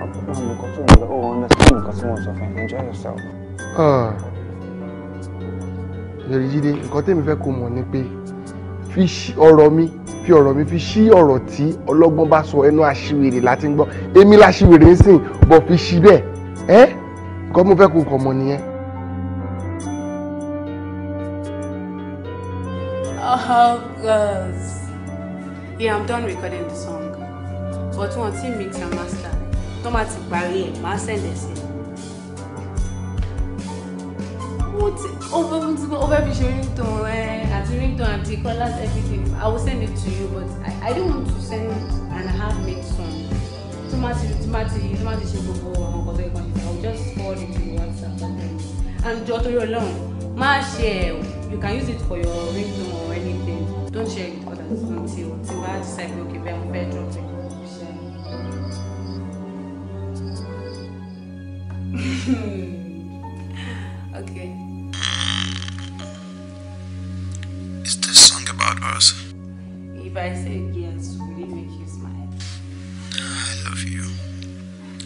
Mom, you got to remember, oh, understand because you to enjoy yourself. Yèríjídé, nǹkan tẹ́mi fẹ́ kó mọ̀ ni pé fi ọ̀rọ̀ mi fi ọ̀rọ̀ mi fi ṣí ọ̀rọ̀ tí ọlọ́gbọ́n bá sọ ẹnu àṣìwèrè láti ń gbọ́ èmi láṣìwèrè ń sìn fi ṣí bẹ́ẹ̀ ẹ́ nǹkan mo fẹ́ kó kọ̀ mọ̀ nìyẹn. Oh, girls. Yeah, I'm done recording the song. But one team mix and master tó má ti parí ẹ̀ máa sẹ̀lẹ̀ sí i. ó fẹ́ fún tí ó fẹ́ fi ṣe ringtone ẹ àti ringtone àti colours everything I will send it to you but I, I don't want to send and have made song tó má ti tó má ti tó má ti ṣe gbogbo àwọn ọkọ̀ tó yẹ kàn ṣe I will just call it to you WhatsApp and jọ torí Ọlọ́run má ṣe ẹ̀ you can use it for your ringtone or anything don't share it with others until until I decide okay bẹ́ẹ̀ mo fẹ́ drop it. okay. Is this song about us? If I say yes, will it make you smile? I love you.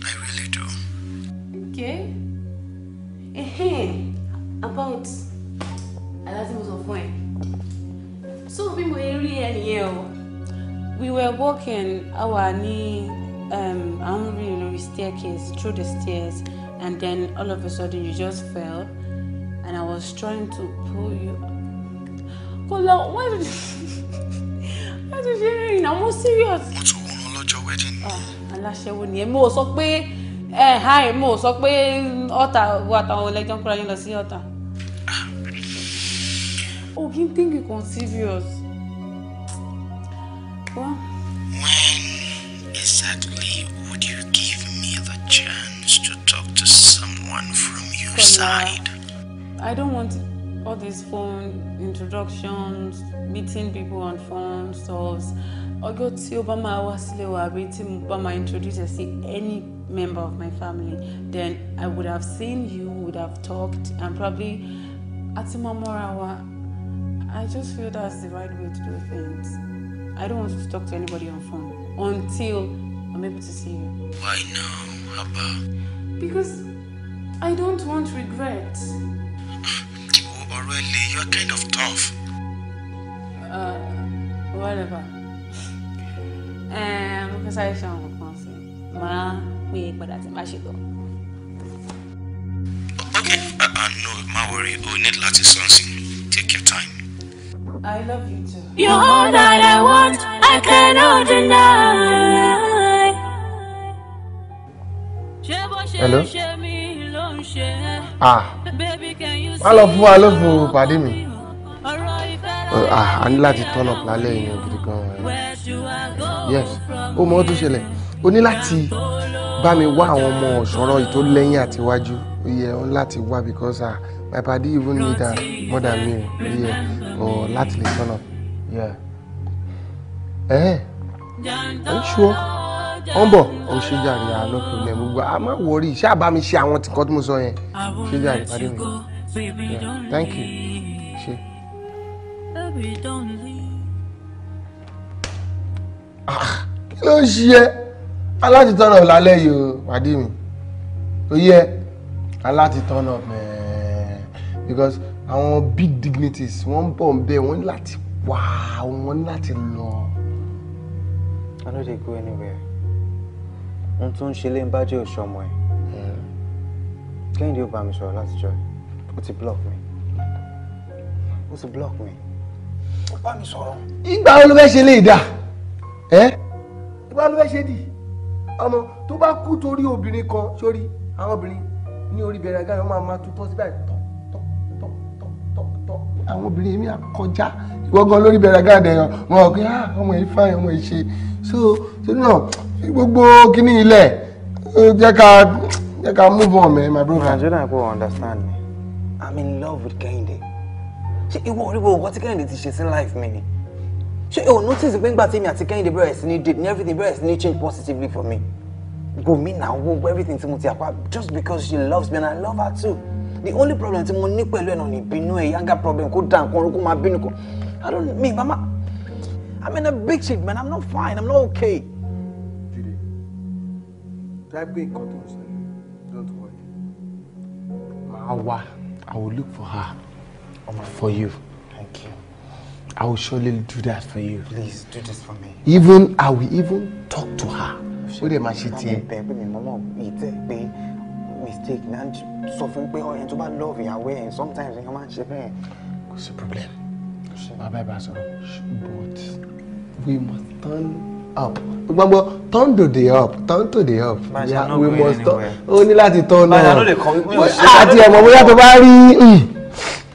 I really do. Okay. about aláti mo sọ fún ẹ so we were rí and nìyẹn we were walking our knee, um, à ń rìn lórí staircase through the stairs and then all of a sudden you just fell and I was trying to pull you up. Kola, why did why did you rain? I'm more serious. Mo ti wọ́n lọ́jọ́ wedding. Ah, Aláṣẹ́wó ni You ò sọ pé Eh, hi. mo sọ pé ọ̀tà what? àtàwọn ọlẹ́jọ́ ń kúra yín lọ sí ọ̀tà. O kì í think you're can serious. Well, I don't want all these phone introductions, meeting people on phone stuffs. I go to Obama I was àbí abi introduce any member of my family then I would have seen you would have talked and probably àti máa wa I just feel that's the right way to do things I don't want to talk to anybody on phone until I'm able to see you. Why now, Abba? Because. I don't want regret. Oh, Aurelie, you are kind of tough. Uh, whatever. um, because I found a concern. Ma, we but that's my shit Okay, uh, uh, no, ma worry. We need Latin something. Take your time. I love you too. You're all that I want, I cannot deny. Hello? Ah, lọ fún wa lófo pàdé mi oh, ah, a ní láti turn up lálẹ́ yẹn gidi gan yes ó mọ ó tún o ni lati ba mi wá àwọn ọmọ ọ̀ṣọ́rọ̀ ìtó lẹ́yìn waju. iye ó ní láti wá because ah my padi even need a ah, more than me iye o lati lè turn up yeah. Eh, are you sure? ọ̀n bọ̀ ò ṣe jàre àánú gbogbo a máa wọrí iṣẹ́ àbámi ṣe àwọn tìkan tí mo sọ yẹn ṣe jàre mi thank you ṣe. Ah, kí ló ń ṣe ẹ alátìtọ́nà lálẹ́ yìí o pàdé mi ó yẹ alátìtọ́nà mẹ́ẹ̀ẹ́ because àwọn big dignities wọ́n ń bọ̀ ń bẹ̀ wọ́n ní láti wá wọ́n ní láti lọ. I no dey go anywhere ohun tó ń ṣe lé ń bájẹ́ òṣọmọ ẹ̀ eh. kẹ́hìndé ó bá mi sọ̀rọ̀ látijọ́ ó ti block mi ó ti block mi ó bá mi sọ̀rọ̀. ìgbà wo ló fẹ́ ṣe lè dà ẹ́ ìgbà wo ló fẹ́ ṣe dì ọmọ tó bá kú torí obìnrin kan sórí àwọn obìnrin ní orí bẹ̀rẹ̀ gáyọ̀ máa máa tutọ́ sí báyìí tọ́ tọ́ tọ́ tọ́ tọ́ àwọn obìnrin mi àkọjá ìwọ́gán lórí bẹ̀rẹ̀ gáyọ̀ dẹ̀yàn wọn ò pé ọmọ yìí fáyọ̀ ọmọ yìí ṣe so so náà gbogbo kini ilẹ̀ jẹ́ ka, jẹ́ ka move on man my brother. nàìjíríà ń pò understand me i'm in love with kẹ́hìndé ṣé ìwọ orí gbogbo nǹkan tí kẹ́hìndé ti ṣe sí life mi ni ṣé o notice pé ńgbà tèmi àti kẹ́hìndé bẹ̀rẹ̀ sí ní date ni everything bẹ̀rẹ̀ sí ní change positively for me gomi na wo everything tí mo ti àpá just because she loves me and i love her too the only problem tí mo ní pẹ̀lú ẹ̀ náà ni ìbínú ẹ̀ yanga problem kó dá nǹkan orúkọ máa bínú kan i don't mean mama i'm in a big shit man i'm not fine i'm not okay dágbé nǹkan tó ń ṣẹlẹ̀ don't worry. màá wá I will look for her for you. thank you. I will surely do that for you. please do this for me. even I will even talk to her. ó dẹ̀ máa ṣe tiẹ̀. àwọn ọbẹ̀ pé mi mọ́ mistake náà sọ fún pé ọ̀yẹ́ love ìyàwó ẹ̀ sometimes ẹ̀yàn máa ń ṣe bẹ́ẹ̀. kò problem. kò sí. bàbá but we must turn up gbogbo turn to the up turn to the up yeah, we must turn ó ní láti turn náà àti ẹ̀mọ́ bóyá tó bá rí hmm,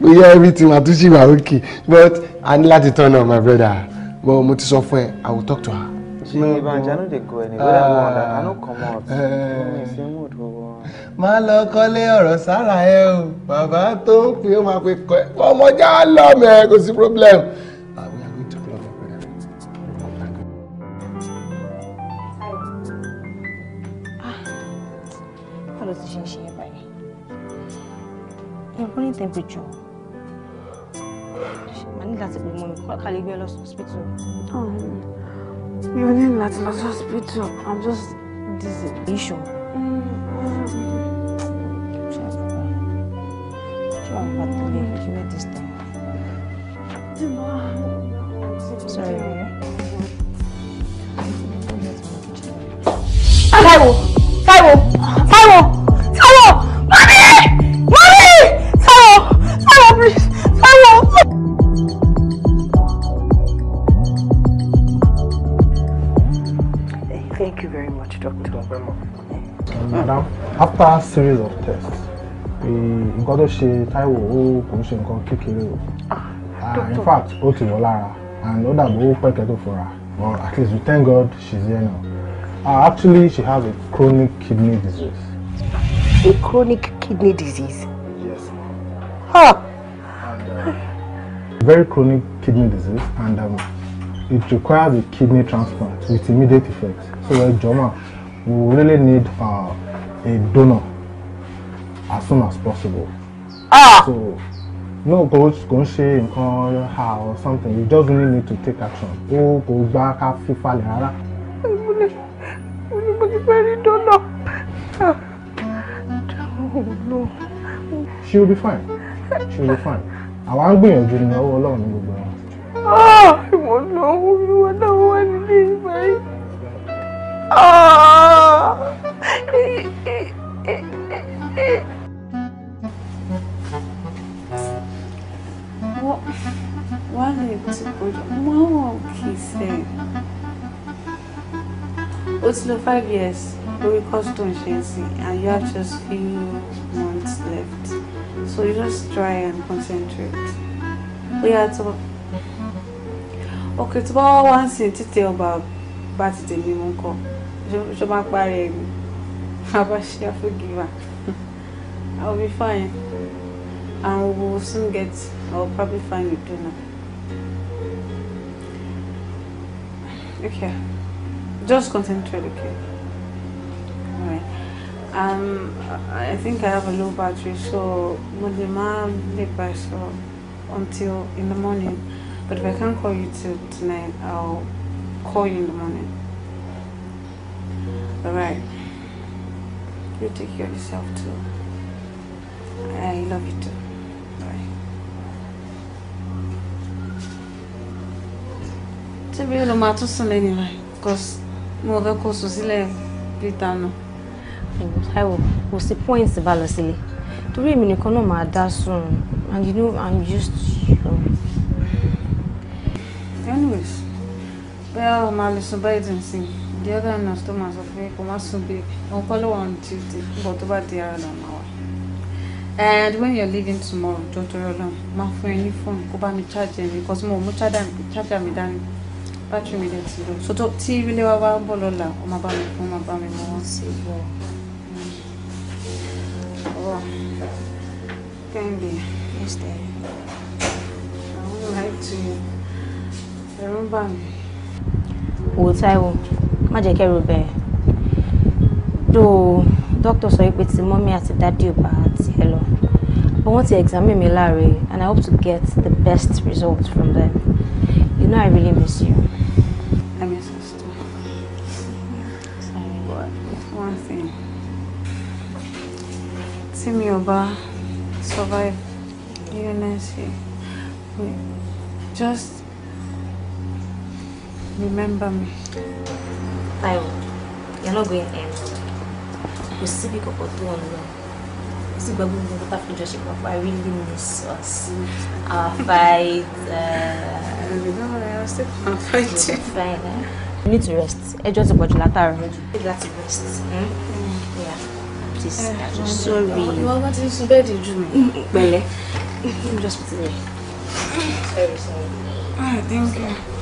bóyá everything wà tó ṣì wà okay but a ní láti turn on, my brother but mo ti sọ fún ẹ I will talk to her. She no, Ibanjano no. dey go anywhere uh, I want and I no ah, come out. Eh. Má lọ kọ́lé ọ̀rọ̀ sára ẹ o, bàbá tó ń pè ó máa pe kọ́ ọmọ já lọ́mọ ẹ kò sí problem. morning temperature. Mà ní láti pè mọ́ mi kọ́ ká lè gbé hospital. Oh, mi ò ní láti lọ sí hospital. I'm just dizzy. Are you sure? Sorry. Táíwò! Táíwò! Táíwò! doctor. madam after a series of tests we tó ṣe Táíwò ó kò ń ṣe nǹkan in fact ó ti wọ and ó dàbí ó pẹ̀kẹ́ tó fura but at least we thank God she's here now uh, actually she has a chronic kidney disease. a chronic kidney disease. yes ma'am. Huh. And, uh, very chronic kidney disease and um, it requires a kidney transplant with immediate effect so ẹ jọ we really need uh, a donor as soon as possible. Ah! So, no go kò ń ṣe call her or something you just really need to take action. ó kò gbá ká fífalẹ̀ rárá. mo ní mo ní mo ti fẹ́ rí donor. Ah, she will be fine she will be fine àwa ń be ní ọwọ́ ọlọ́run ní gbogbo Oh, I ìwọ náà wọ́n mi wọ́n náà wọ́n nílé ìgbà yìí. Wálé ti gbọdọ̀ mọ́ wọn kì í sẹ́yìn. Ó five years lórí custom ṣe ń sìn and you have just few months left. So you just try and concentrate. Ó yàtọ̀. Okay, tí wọ́n wá wá ń sìn títí ọba bá ti tèmi mú kọ ṣó máa parí ẹ̀ mi bàbá ṣe I will be fine and we will soon get I will probably find you dinner. Okay, just concentrate, okay? Alright. Um, I think I have a low battery, so Mulima so until in the morning. But if I can't call you till tonight, I'll call you in the morning. Alright. You take care of yourself too. I love you too. Bye. Ṣebí ló máa tún sùn lẹ́nu rẹ̀? Because mo fẹ́ kó sùn sílẹ̀ bíi tànà. Táíwò, kò sí pọ́ìntì bá lọ sílé. Torí èmi nìkan náà máa dá sùn. And you know I'm used to you. Anyways. Well, o máa lè sun biden sí i the other nurse tó máa sọ pé kò má sun babe òun kọ́ ló wà on tuesday nígbà tó bá di ara lọ máa wà. and when you're leaving tomorrow jọjọ Ọlọ́run máa fún ẹ ní fóònù kó bá mi charge ẹ because mo mú charger mi dání battery mi dẹ̀ ti lọ so tí ilé wa bá ń bọ̀ lọ́la ó máa bá mi fún máa bá mi mú wọn sí i. Kẹ́hìndé. Yes, dear. I would like to remember me wò Táíwò má jẹ́ kẹ́rù bẹ́ẹ̀ do doctor sọ pé ti mọ́mí àti dádì ò bá tiẹ̀ lọ but wọ́n ti examine mi láre and I hope to get the best result from them you know I really miss you. I miss you too. Sorry. But one thing. Tí mi ò bá survive illness yìí, just Remember me. Tayo, you're not going anywhere. Kò síbi kọ̀kọ̀ tó ń lọ. Kò sí gbàgbọ́ gbogbo tá a fi jọ ṣe papọ̀. I really miss us. Our fight. Uh, I'm I was still fighting. Fine, eh? You need to rest. Ẹjọ́ ti pọ̀jù látàárọ̀. You need to rest. Eh? Yeah. Please, uh, I'm just sorry. Ìwọ bá ti sùn bẹ́ẹ̀ di jù mí. Mm, pẹ̀lẹ́. Just with it there. Sorry, sorry. thank you.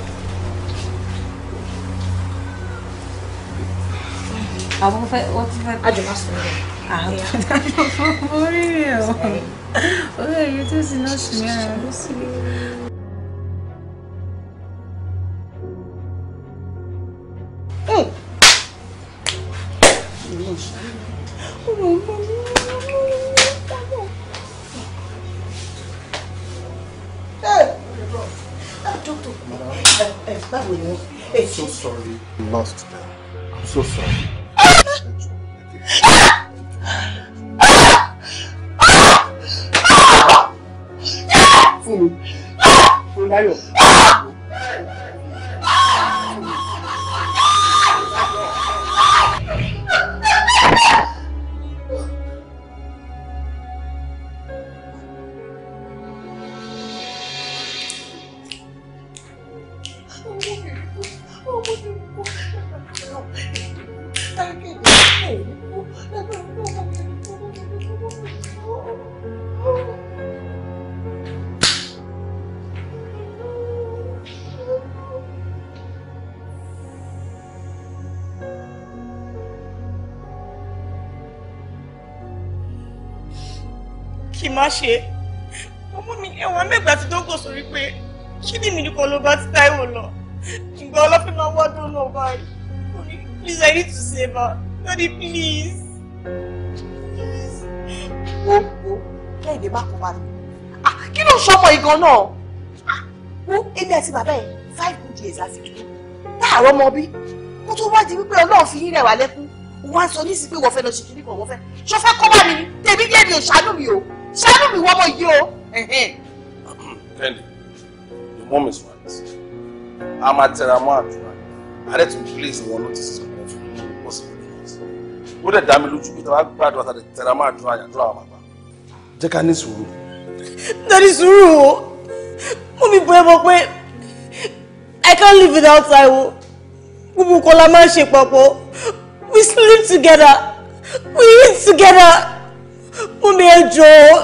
Àwọn fẹ́ wọ́n ti fẹ́. Àjùmá sùn ní. Àjùmá sùn orí rẹ̀ I'm so sorry. You lost them. I'm so sorry. Báyọ̀. ṣe ọmọ mi ẹ̀wọ̀n mẹ́gbà ti dógò sórí pé kí ni mi ní kan ló bá ti Táíwò lọ ṣùgbọ́n ọlọ́fẹ́ máa wá dún náà báyìí please I need to save her daddy please please. wo wo kẹ́hìndé má kó balẹ̀ kí ló ń sọmọ ìgan náà ah, wo èmi àti bàbá yẹn five good years àti dúró táàrọ̀ ọmọ bí kó tó wá di wípé ọlọ́run fi yín rẹ̀ wá lẹ́kún wọ́n á sọ nísìsiyìí pé wọ́n fẹ́ lọ ṣe kiri kan ṣọ́fẹ́ kọ́ bá mi ni tèmi yé mi ò ṣàánú mi o ṣáánú mi wọ́mọ yìí o. Kenny, your mom is right. A máa tẹra mọ́ àdúrà. Ààrẹ tún place wọn notices kan fún mi possible things. Ó dẹ̀ dá mi lójú pé tàbá gbàdúrà tàbí tẹra mọ́ àdúrà àyàdúrà àwọn bàbá. Jẹ́ ká ní sùúrù. Dẹ́ni sùúrù o, mú mi bọ́ ẹ mọ̀ pé I can't live without Taiwo. Gbogbo nǹkan la máa ń ṣe papọ̀. We sleep together. We eat together. Mummy ẹ jọ̀ọ́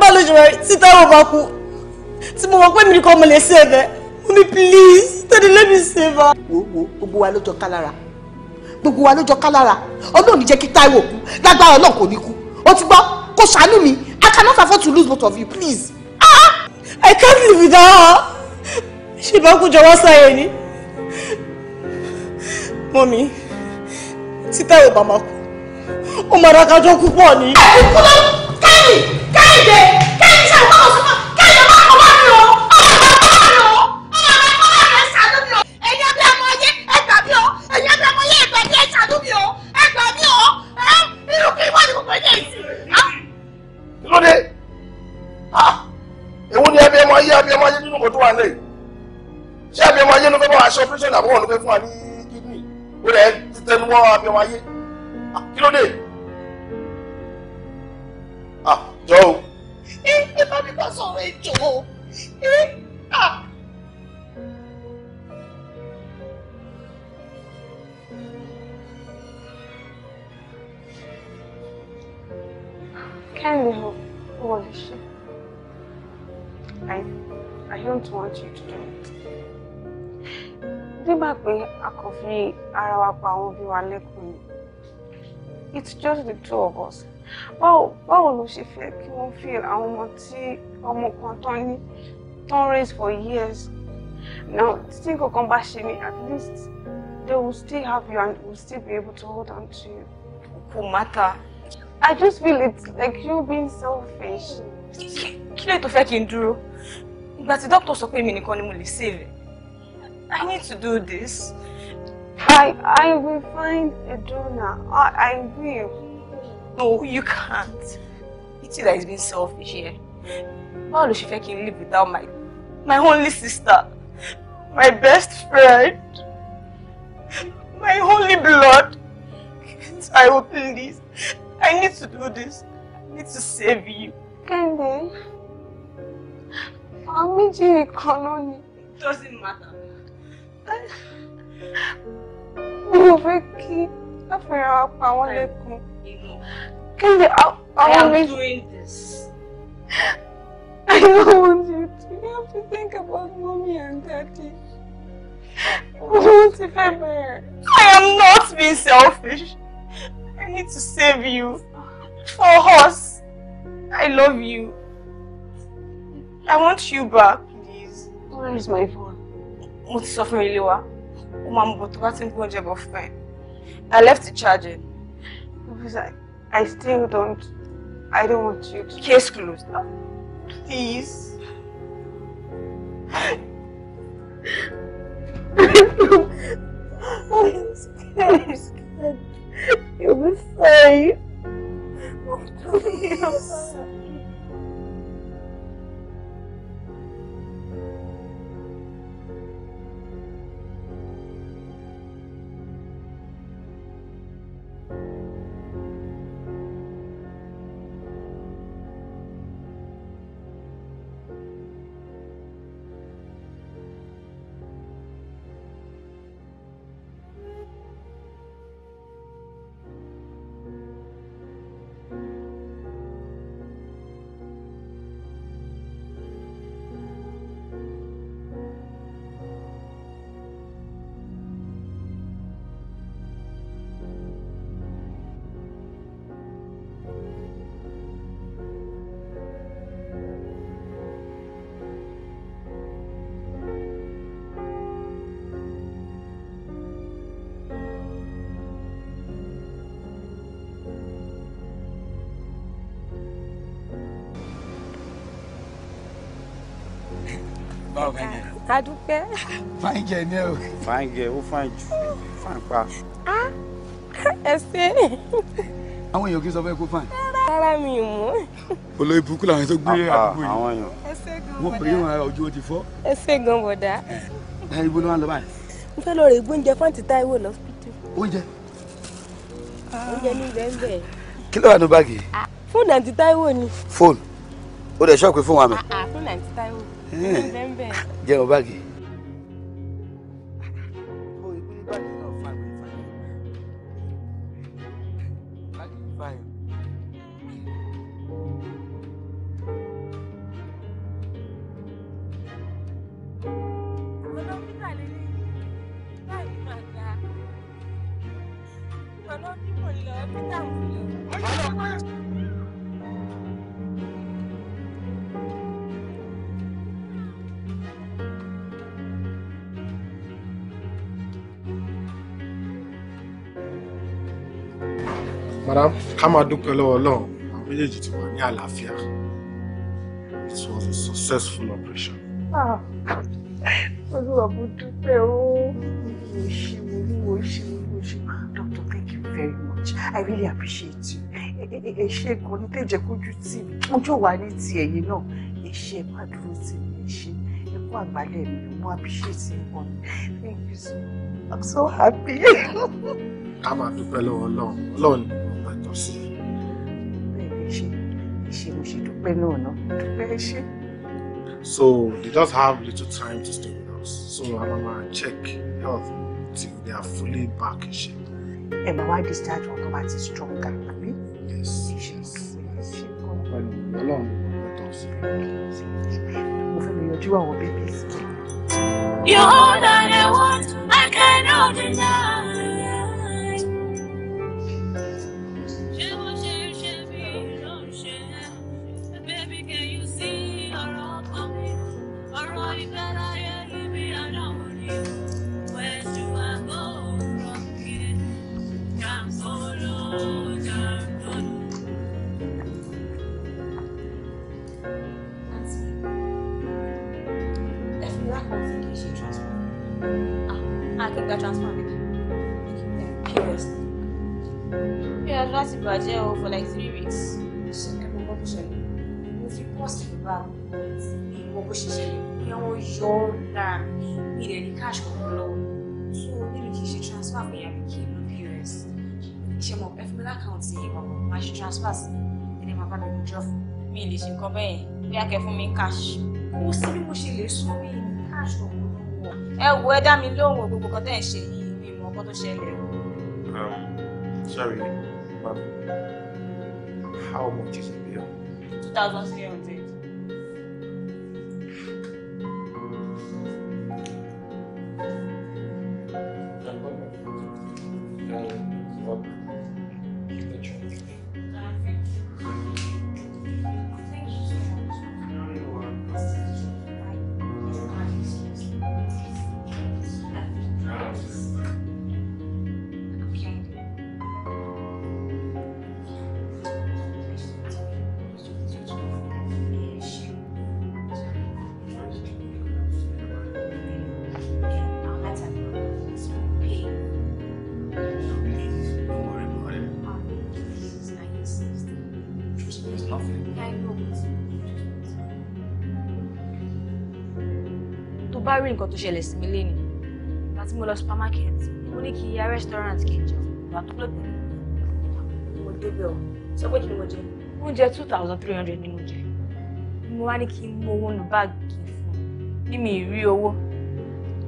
báwo ló ṣe wẹ̀ tí Táíwò bá kú tí mo mọ̀ pé mi nìkan mo lè ṣe ẹ̀bẹ̀ Mummy please tẹ́lẹ̀ let me save her. wo wo gbogbo wa ló jọ ká lára gbogbo wa ló jọ ká lára Ọlọ́run ní jẹ́ kí Táíwò kú lágbára Ọlọ́run kò ní kú ó ti gbọ́ kó ṣàánú mi I cannot afford to lose both of you please. Ah, I can't live without her ṣe bá kú jọ̀wọ́ sáyé ni mọ́mí tí Táíwò bá máa kú ó máa dákájọ́ púpọ̀ ni. ẹ̀mí kú ló kẹ́yìn kẹ́yìndé kẹ́yìn ṣe àgbọ̀ ọ̀ṣun kẹ́yìn ọmọ ọmọ mi o ọmọ mi o ọmọ mi o ọmọ mi o ṣàánú mi o ẹ̀yin abẹ́ ọmọ yé ẹgbà mi o ẹ̀yin abẹ́ ọmọ yé ẹgbà mi ẹ ṣàánú mi o ẹgbà mi o irú kí wọ́n ní gbogbo de ìsìn. lóde èwo ni ẹbí ọmọ yé ẹbí ọmọ yé nínú kò tó wà lẹ́yìn ṣé ẹbí se yé ló fẹ́ bá wa ṣe operation àbúrò ló fẹ́ fún wa ní kídìní ó rẹ̀ tẹnu wọ́n ẹbí ọmọ yé ah. kí ló dé ah jọ o. ẹ ẹ bá mi bá sọ̀rọ̀ ẹ o ẹ ah. Kẹ́mi o, o lè ṣe. I, I don't want you to do it. Nígbà pé a kò fi ara wa pa àwọn òbí wa lẹ́kùn ni, it's just the two of us báwo ló ṣe fẹ́ kí wọ́n fi àwọn ọmọ tí ọmọ kan tán ní tán raise for years now tí nǹkan bá ṣe ni at least they will still have you and will still be able to hold on to you. kò mátà. I just feel it's like you being selfish. kí ló tó fẹ́ kí n dúró ìgbà tí dókítà sọ pé èmi nìkan ni mo lè save I need to do this. I I will find a donor. I I will. No, you can't. It's you that is being selfish here. How does she can live without my my only sister? My best friend? My only blood? I will this. I need to do this. I need to save you. Kende, I'll meet you in Kononi. It doesn't matter. Mi ò fẹ́ kí afẹ́ràn apá wọn lẹ́kùn. Can they, I, I, I am doing this. I don't want you to. You have to think about mommy and daddy. What if I marry? I am not being selfish. I need to save you. For us. I love you. I want you back, please. Where is my phone? What's ti sọ fún Ilewa. Ó máa ń bọ̀ tó bá left it charging. I was like, I still don't. I don't want you to. Case closed now. Please. I am scared. I'm scared. You'll be fine. Oh, please. a dúpẹ́. fáìn jẹ ní ẹ o. fáìn jẹ ó fáìn jù fáìn pa. Ah, ẹ ṣe. àwọn èèyàn kì í sọ fẹ́ kó fáìn. rárá mi mú. olóyè burúkú làwọn tó gbé ah, ah, àdúgbò yìí. àwọn èèyàn. ẹ ṣe gan bọ̀dá. wọ́n pè é wọn ojú ó ti fọ́. ẹ ṣe gan bọ̀dá. Eh, ẹ ibo ló wà lọ báyìí. n fẹ́ lọ rè gbóúnjẹ fáǹtì Táíwò lọ́sítì. oúnjẹ. oúnjẹ ní bẹ́ẹ̀ bẹ́ẹ̀. kí ló wà ní báàgì? fóònù àǹtí Táíwò ni. fóònù ó dẹ̀ ṣọ́ọ̀pù fóònù àmì. fóònù àǹtí Táíwò. Eh. jẹ́ o báàgì. ká máa dúpẹ́ lọ́wọ́ Ọlọ́run àwọn méjèèjì ti wà ní àlàáfíà it was a successful operation. olúwa mo dúpẹ́ o ìṣirò olúwo ìṣirò olúwo ìṣirò doctor thank you very much i really appreciate you ẹ ṣe kan ní tẹ̀jẹ̀ kójú tì ojú wa ní ti ẹ̀yìn náà ẹ ṣe má dúró tì ẹ ṣe ẹ kó àgbálẹ̀ mi mo appreciate you gan thank you so much i'm so happy. ká máa dúpẹ́ lọ́wọ́ Ọlọ́run Ọlọ́run. dúpẹ́ náà ẹ ṣé. so they just have little time to stay with us so mama check health till they are fully back in shape. ẹ máa wá discharge wọn tó bá ti stronger àbí. yes yes ọlọ́run ẹ̀tọ́ sí mo fẹ́ mi yọjú àwọn bébí. you hold on i i cannot deny. bàjẹ́ o for like three weeks. ẹ̀kọ́ kọ́ tó ṣẹlẹ̀ mo fi pọ́ọ̀sì bá ìwọ bó ṣe ṣẹlẹ̀ bí wọ́n yọ ọ́ lára cash kọ̀ọ̀kan lọ́wọ́ so níbi kì í transfer fún ìyá mi kì í lọ pos ṣe mọ̀ ẹ fún mi lákàntì ìwọ̀n máa ṣe transfer sí ẹni máa bá mi cash mo sì bí mo ṣe lè sún mi cash kọ̀ọ̀kan lọ́wọ́ ẹ wo ẹ dá mi lóhùn gbogbo month. How much is the bill? 2,300. nǹkan tó ṣẹlẹ̀ sí mi léni ìgbà tí mo lọ supermarket mo ní kí n restaurant kí n jẹun ìgbà tó lọ bẹ̀rẹ̀ mo débẹ̀ o sọ pé kí ni mo jẹ oúnjẹ two thousand three hundred ni mo jẹ mo wá ní kí n mú owó nù báàgì kí n fún un bí mi ì rí owó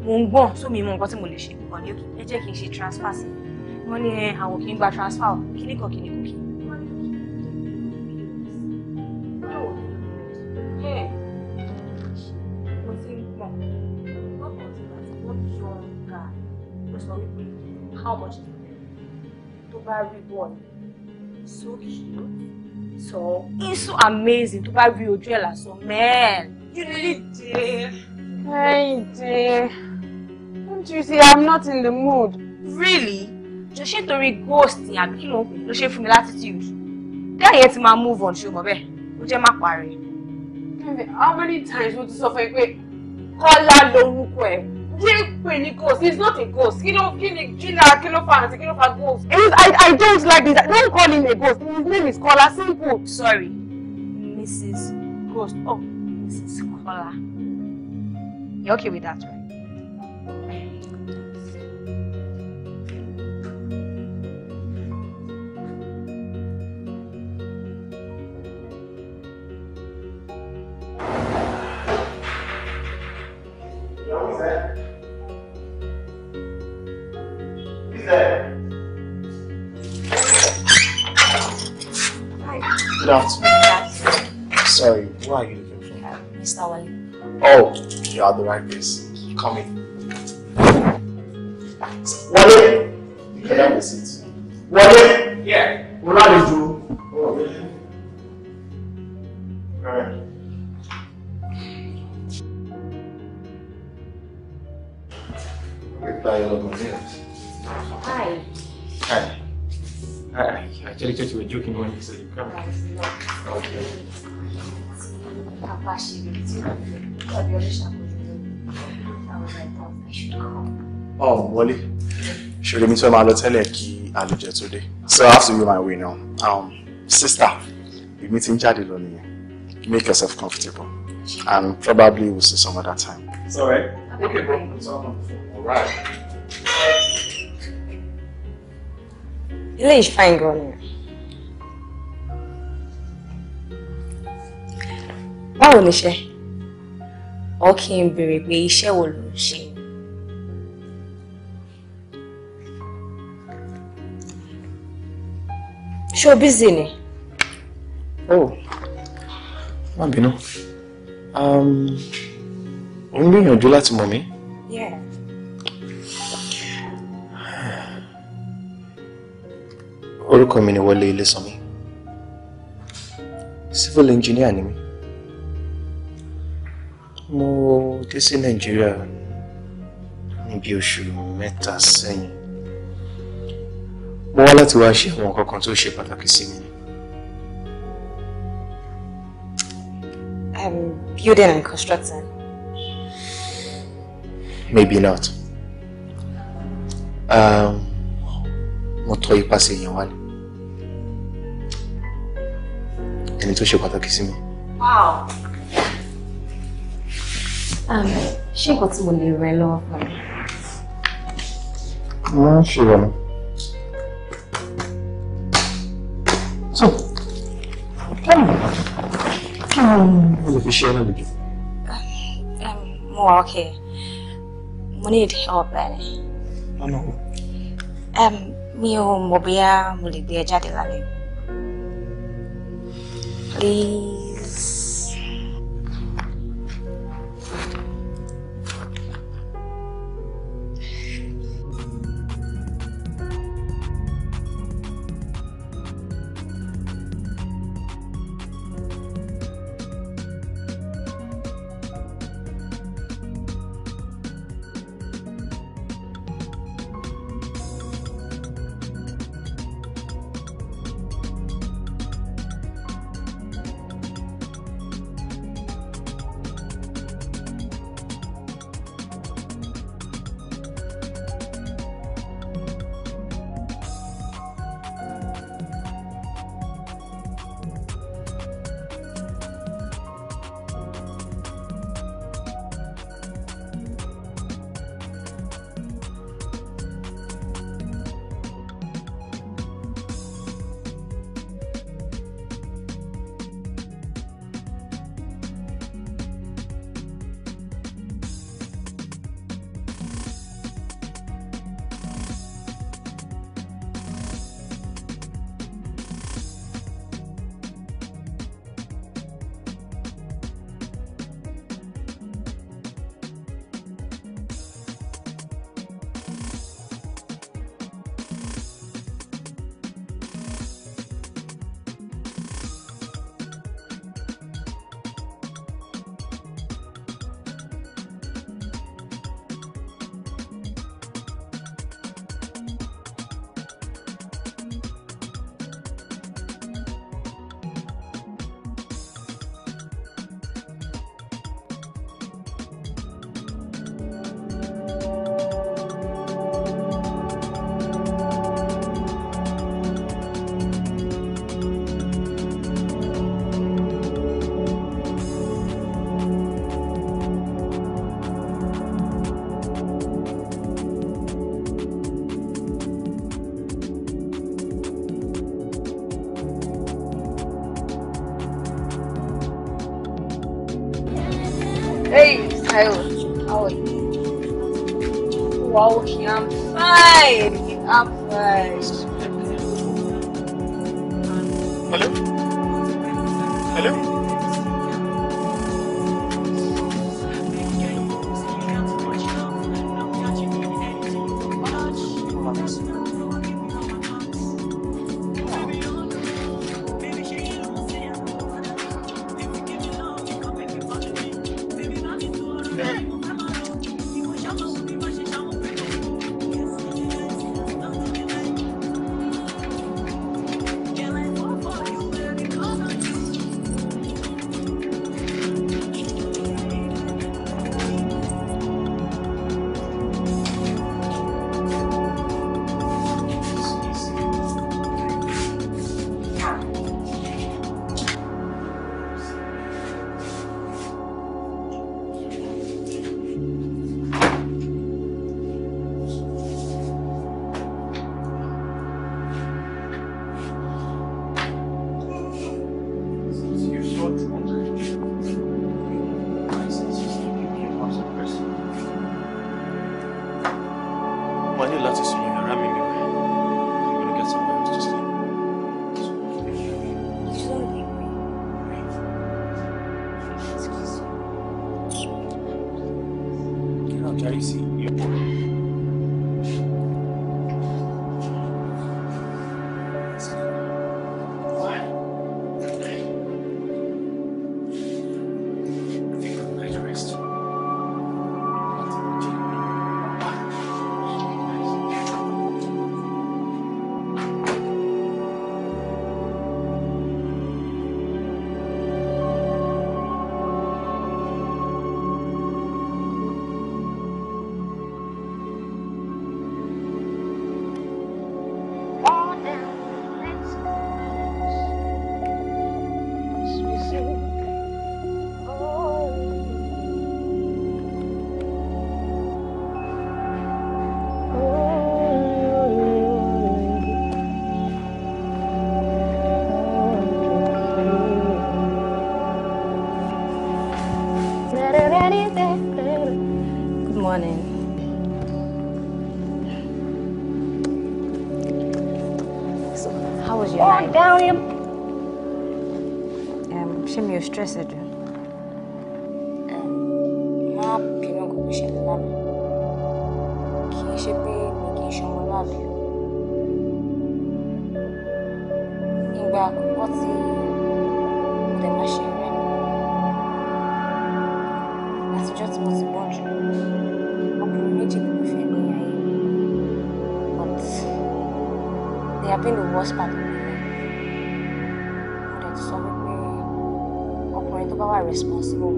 mo ń gbọ́n sómi mọ nǹkan tí mo lè ṣe nǹkan ní òkè ẹ jẹ́ kí n ṣe transfer sí i wọ́n ní àwọn kì í gba transfer kíníkan kíníkan kíníkan. sọ he's so amazing tó bá rí ojú ẹ̀ lásán man you really dey. kẹ́hìndé don't you see i'm not in the mood. really jọ ṣé torí ghost ni àbí kí ló ń pè ló ṣe fún mi latitude bẹ́ẹ̀ yẹn ti máa move on ṣùgbọ́n bẹ́ẹ̀ ó jẹ́ má parí. how many times mo ti sọ fún ẹ pé kọ́lá lorúkọ ẹ̀ Yépè ni ghost. It's not a ghost. Kí ló kí ni kí la kí ló fa ghost. I, I don't like this. Don't call him a ghost. His name is Kola Simple. Sorry, Mrs. Ghost. Oh, Mrs. Kola. You're okay with that, right? Good afternoon. Sorry, who are you looking for? Uh, Mr. Wally. Oh, you are the right place. Come in. Wally! You can have a seat. Wally! Oh, Wally. Ṣé mi tún máa lọ tẹ́lẹ̀ kí àlejò tó dé? So I have to be my way now. Um, sister, èmi meeting ń jáde lọ Make yourself comfortable and probably we'll see some other time. It's all Okay, bro. It's all right. Ilé ìfáyín gan báwo níṣẹ́ ọ kí n béèrè pé iṣẹ́ wo ló ń ṣe. ṣó bízì ni. oh má bínú um, ò ń gbìyànjú láti mọ̀ mí. yeah. orúkọ mi ni Wọlé Ilésànmí civil engineer ni mi mo dé sí nàìjíríà níbi oṣù mẹ́ta sẹ́yìn mo wá láti wá ṣe àwọn kankan tó ṣe pàtàkì sí mi. I'm building and constructing. Maybe not. Um, mo tọ́ ipasẹ̀ èèyàn wá ni. Ẹni tó ṣe pàtàkì sí mi. Wow. Um, ṣé nǹkan tí mo lè rẹ lọ́wọ́ fún mi. mo ń ṣe ọ̀nà. so kí ni kí ni mo lè fi ṣe ọ̀nà lójú. Um, mo wà ókè mo need help ẹ ni. lọ́nà o. mi ò mọ̀ bóyá mo lè gbé ẹ jáde lálẹ́. divorce sepatu mi mo dẹ̀ ti sọ wípé ọkùnrin tó bá wà responsible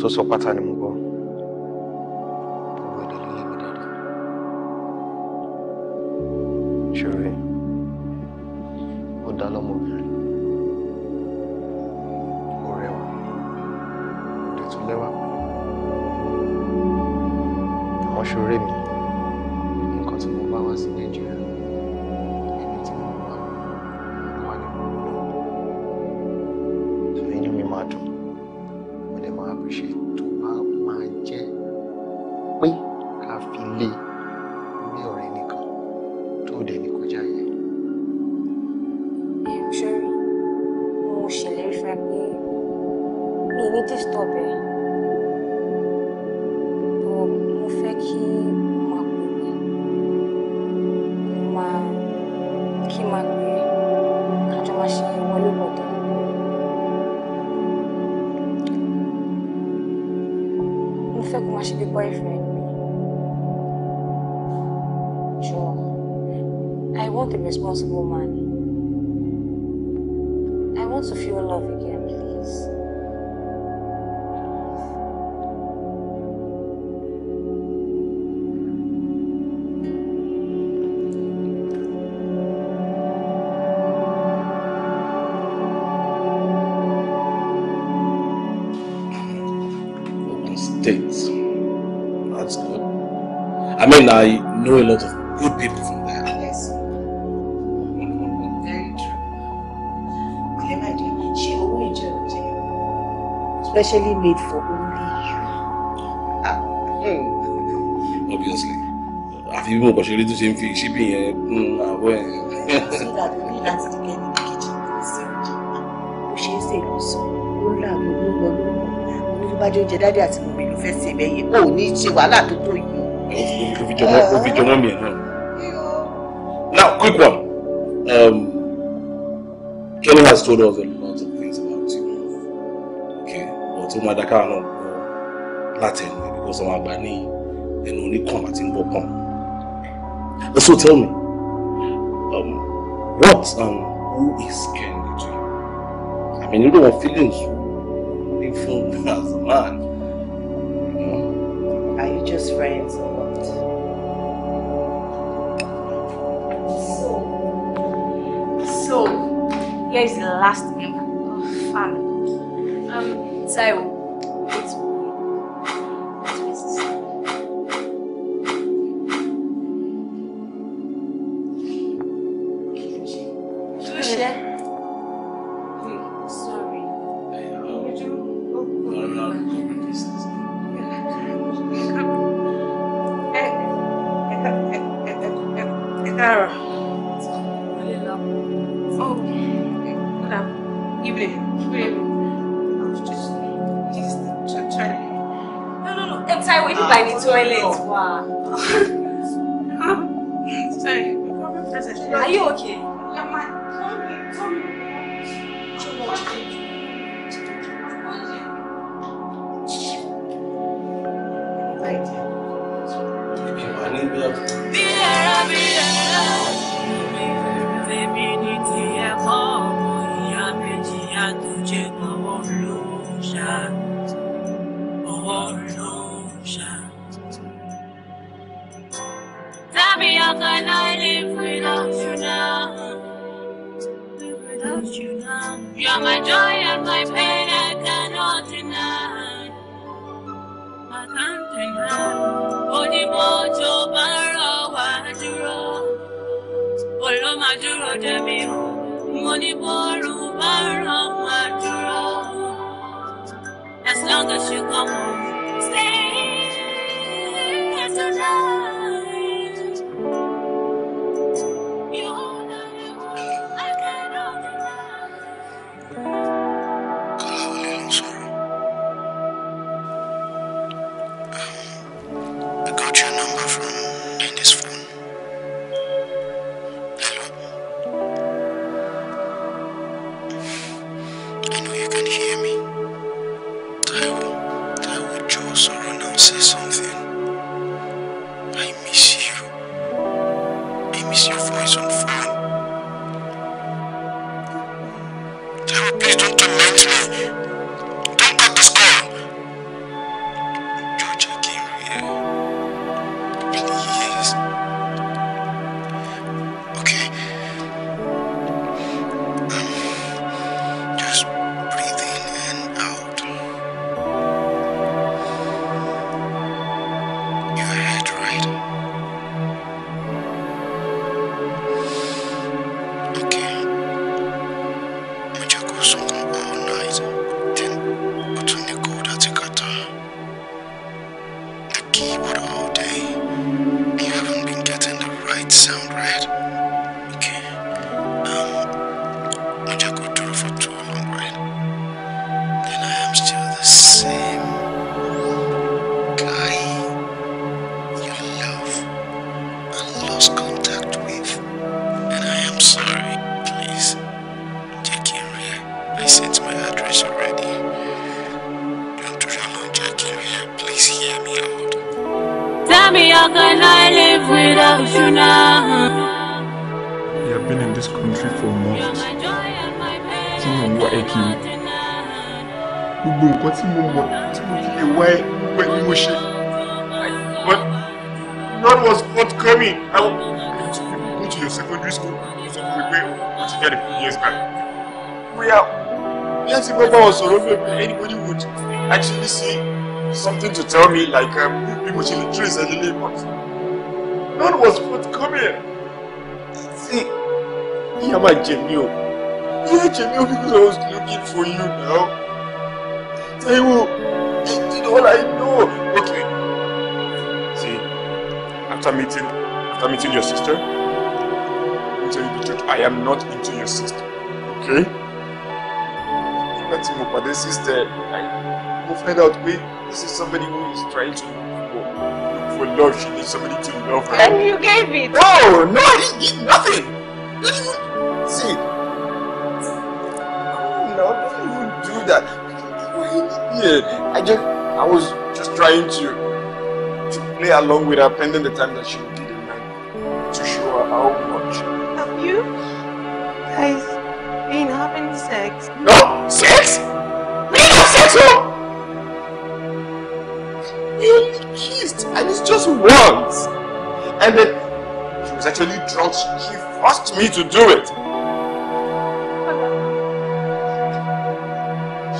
tó sọ pátá ni mo gbọ́. gbogbo èdè ló yé mi dáadáa. ṣòro ó dá lọ́mọbìnrin ó rẹwà ó tún lẹ́wà àwọn ṣòro mi nǹkan tí mo bá wá sí nàìjíríà. mean, I know a lot of good people from there. Yes. Very true. Okay, my dear, she always enjoyed it. Especially made for only you. Ah. Mm. Obviously. Àfi bí mo kàn ṣe rí tó ṣe ń fi ṣíbí yẹn kún hmm, àwọ̀ ẹ̀. Ṣé ìdàgbọ́ ní láti dìgẹ́ ní "Oh, sí oh, Mo oh, é oh." ìlọsọ, ó ń láàbò ló ń lọ lóhùn. Mo ní bá Oh, oúnjẹ dádì àti mọ̀mí ló fẹ́ ṣe bẹ́yẹn. O ò ní ṣe wàhálà tó t now quick one um, Kenny has told us a lot of things about you okay but ó máa dá káwọn náà Latin because àwọn àgbà ní ẹnu oníkan àti ń bọ kàn so tell me um, what and um, who is Kelly to you I mean you know what feelings you. as long as you come home stay here tonight. was Orofemi, anybody would actually see something to tell me, like um, people should trees and the but none was forthcoming. See, you are my Jemio. You are Jemio because I was looking for you now. Taiwo, did all I know. Okay. See, after meeting, after meeting your sister, I'm telling you the truth, I am not into your sister. But this is the we'll find out pé this is somebody who is trying to look for love she needs somebody to love her. and you gave it. no no he did nothing he see. no don't even do that yeah i just i was just trying to to play along with her pending the time that she did. asked me to do it.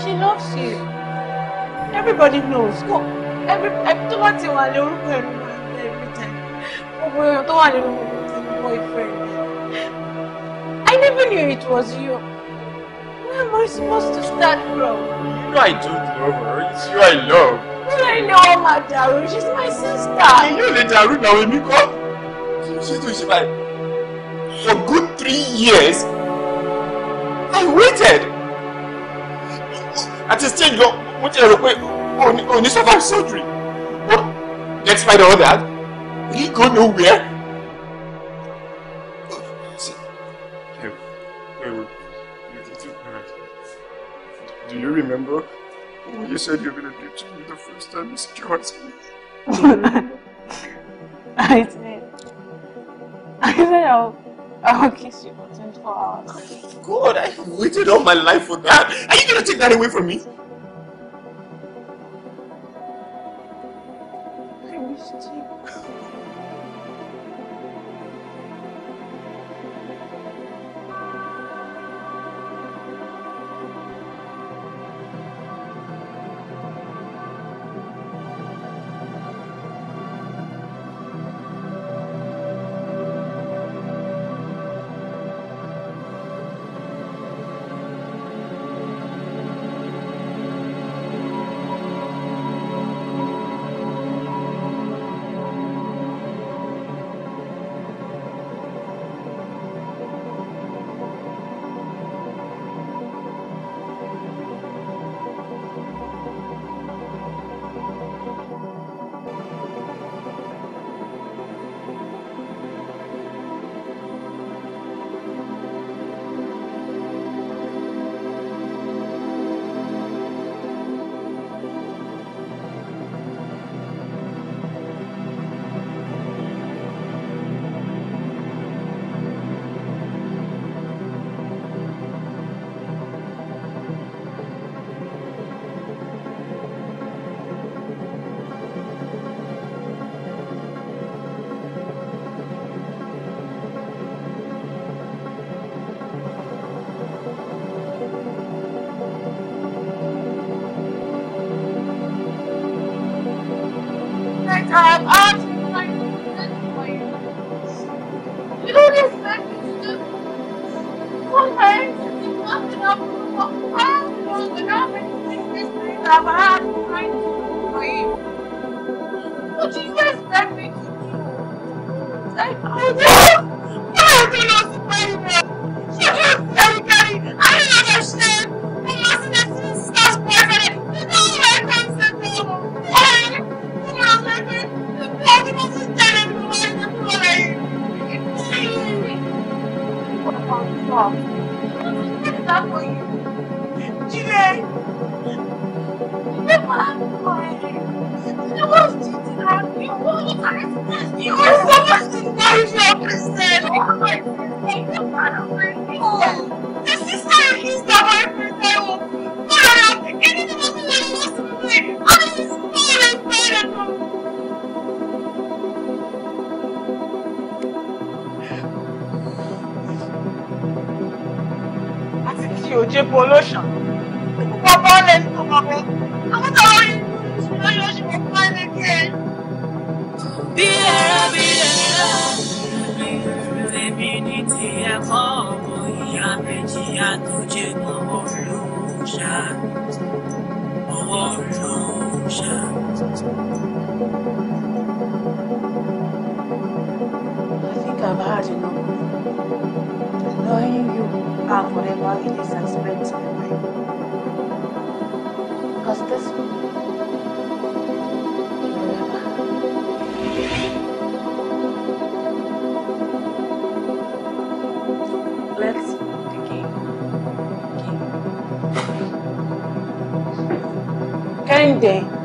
She loves you. Everybody knows. Every, every, tó bá ti wà every time. I don't wà lé boyfriend. I never knew it was you. Where am I supposed to start from? You know I don't love her. It's you I love. I know, Madaru. She's my sister. You know, lè dàrú náà, èmi kọ́. Kí ló ṣe tó for good three years. I waited. At a stage, you ti rò on, o surgery. But despite all that, will go nowhere? Do you remember when you said you were going to do to me the first time you saw me? I said, I said I'll I will kiss you for 24 hours. God, I waited all my life for that. Are you gonna take that away from me? qualities and spirits of your life. Because this you Let's begin.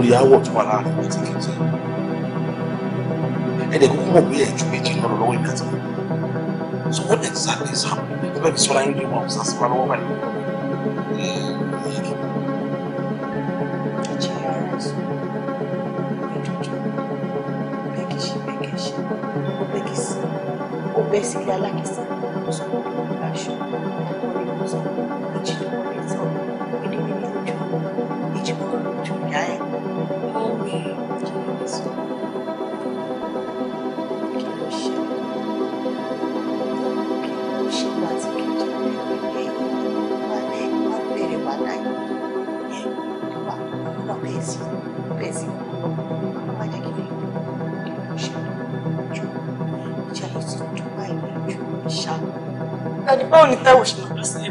lórí aáwọ̀ tó wà láàrin mi ti kejì ẹnì kúkú mọ̀ pé ẹ̀jú méjì lọ́rọ̀ lọ́wọ́ ìgbà tó so what exactly is happening tó bẹ́ẹ̀ fi sọ́ra yín lé wọn ọ̀sán sí wa lọ́wọ́ báyìí. Bẹ́ẹ̀ sì lé alákìsí.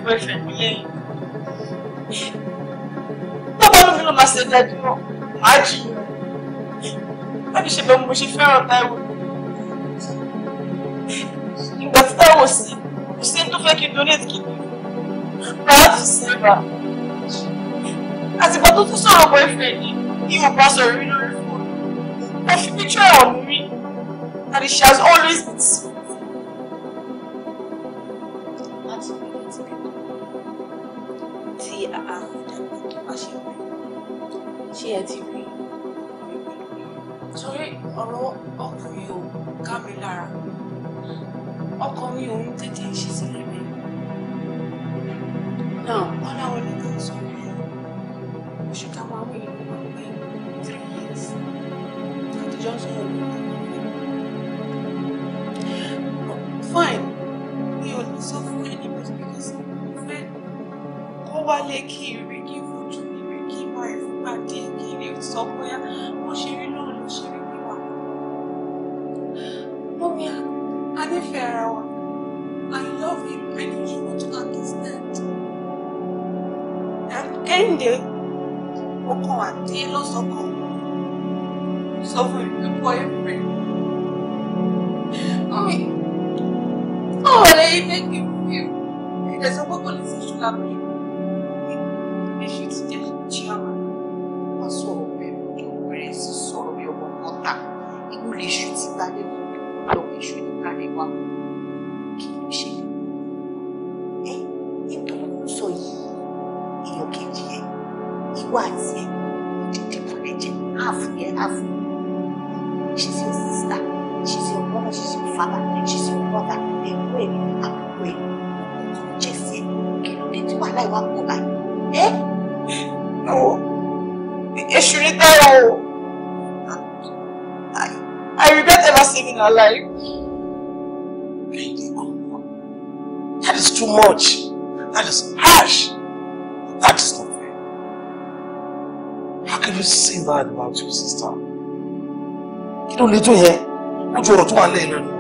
boyfriend mi lẹ́yìn. Bàbá mi ló máa ṣe dájú náà, màá jì í. Má fi ṣe bẹ́ẹ̀ mo ṣe fẹ́ràn Táíwò. Ìgbà tí Táíwò sí, kò sí tó fẹ́ kí n donate kìíní. I have to save her. Àtìgbà tó tún sọ̀rọ̀ boyfriend yìí, ìwọ̀n bá sọ̀rọ̀ rí lórí fóònù. Mo fi picture ọ̀hún she has always èṣù ti balẹ̀ wá lọ èṣù ti balẹ̀ wá kí ló ṣe ẹ ètò ń sọ yìí èèyàn kejì ẹ ìwà àti ẹ ìdíje kọ́lẹ̀ jẹ half yẹ half she's your sister she's your mother she's your father she's your brother ẹ̀kọ́ ẹ̀ àbúrò ẹ̀ ọkọ̀ jẹ̀sí ẹ̀ kí ló dé tí wàhálà ìwà pọ̀ báyìí. in life. That is too much. That is harsh. That is not fair. How can you say that about your sister? You don't need to hear. Ojú ọ̀rọ̀ tó wà lẹ́yìn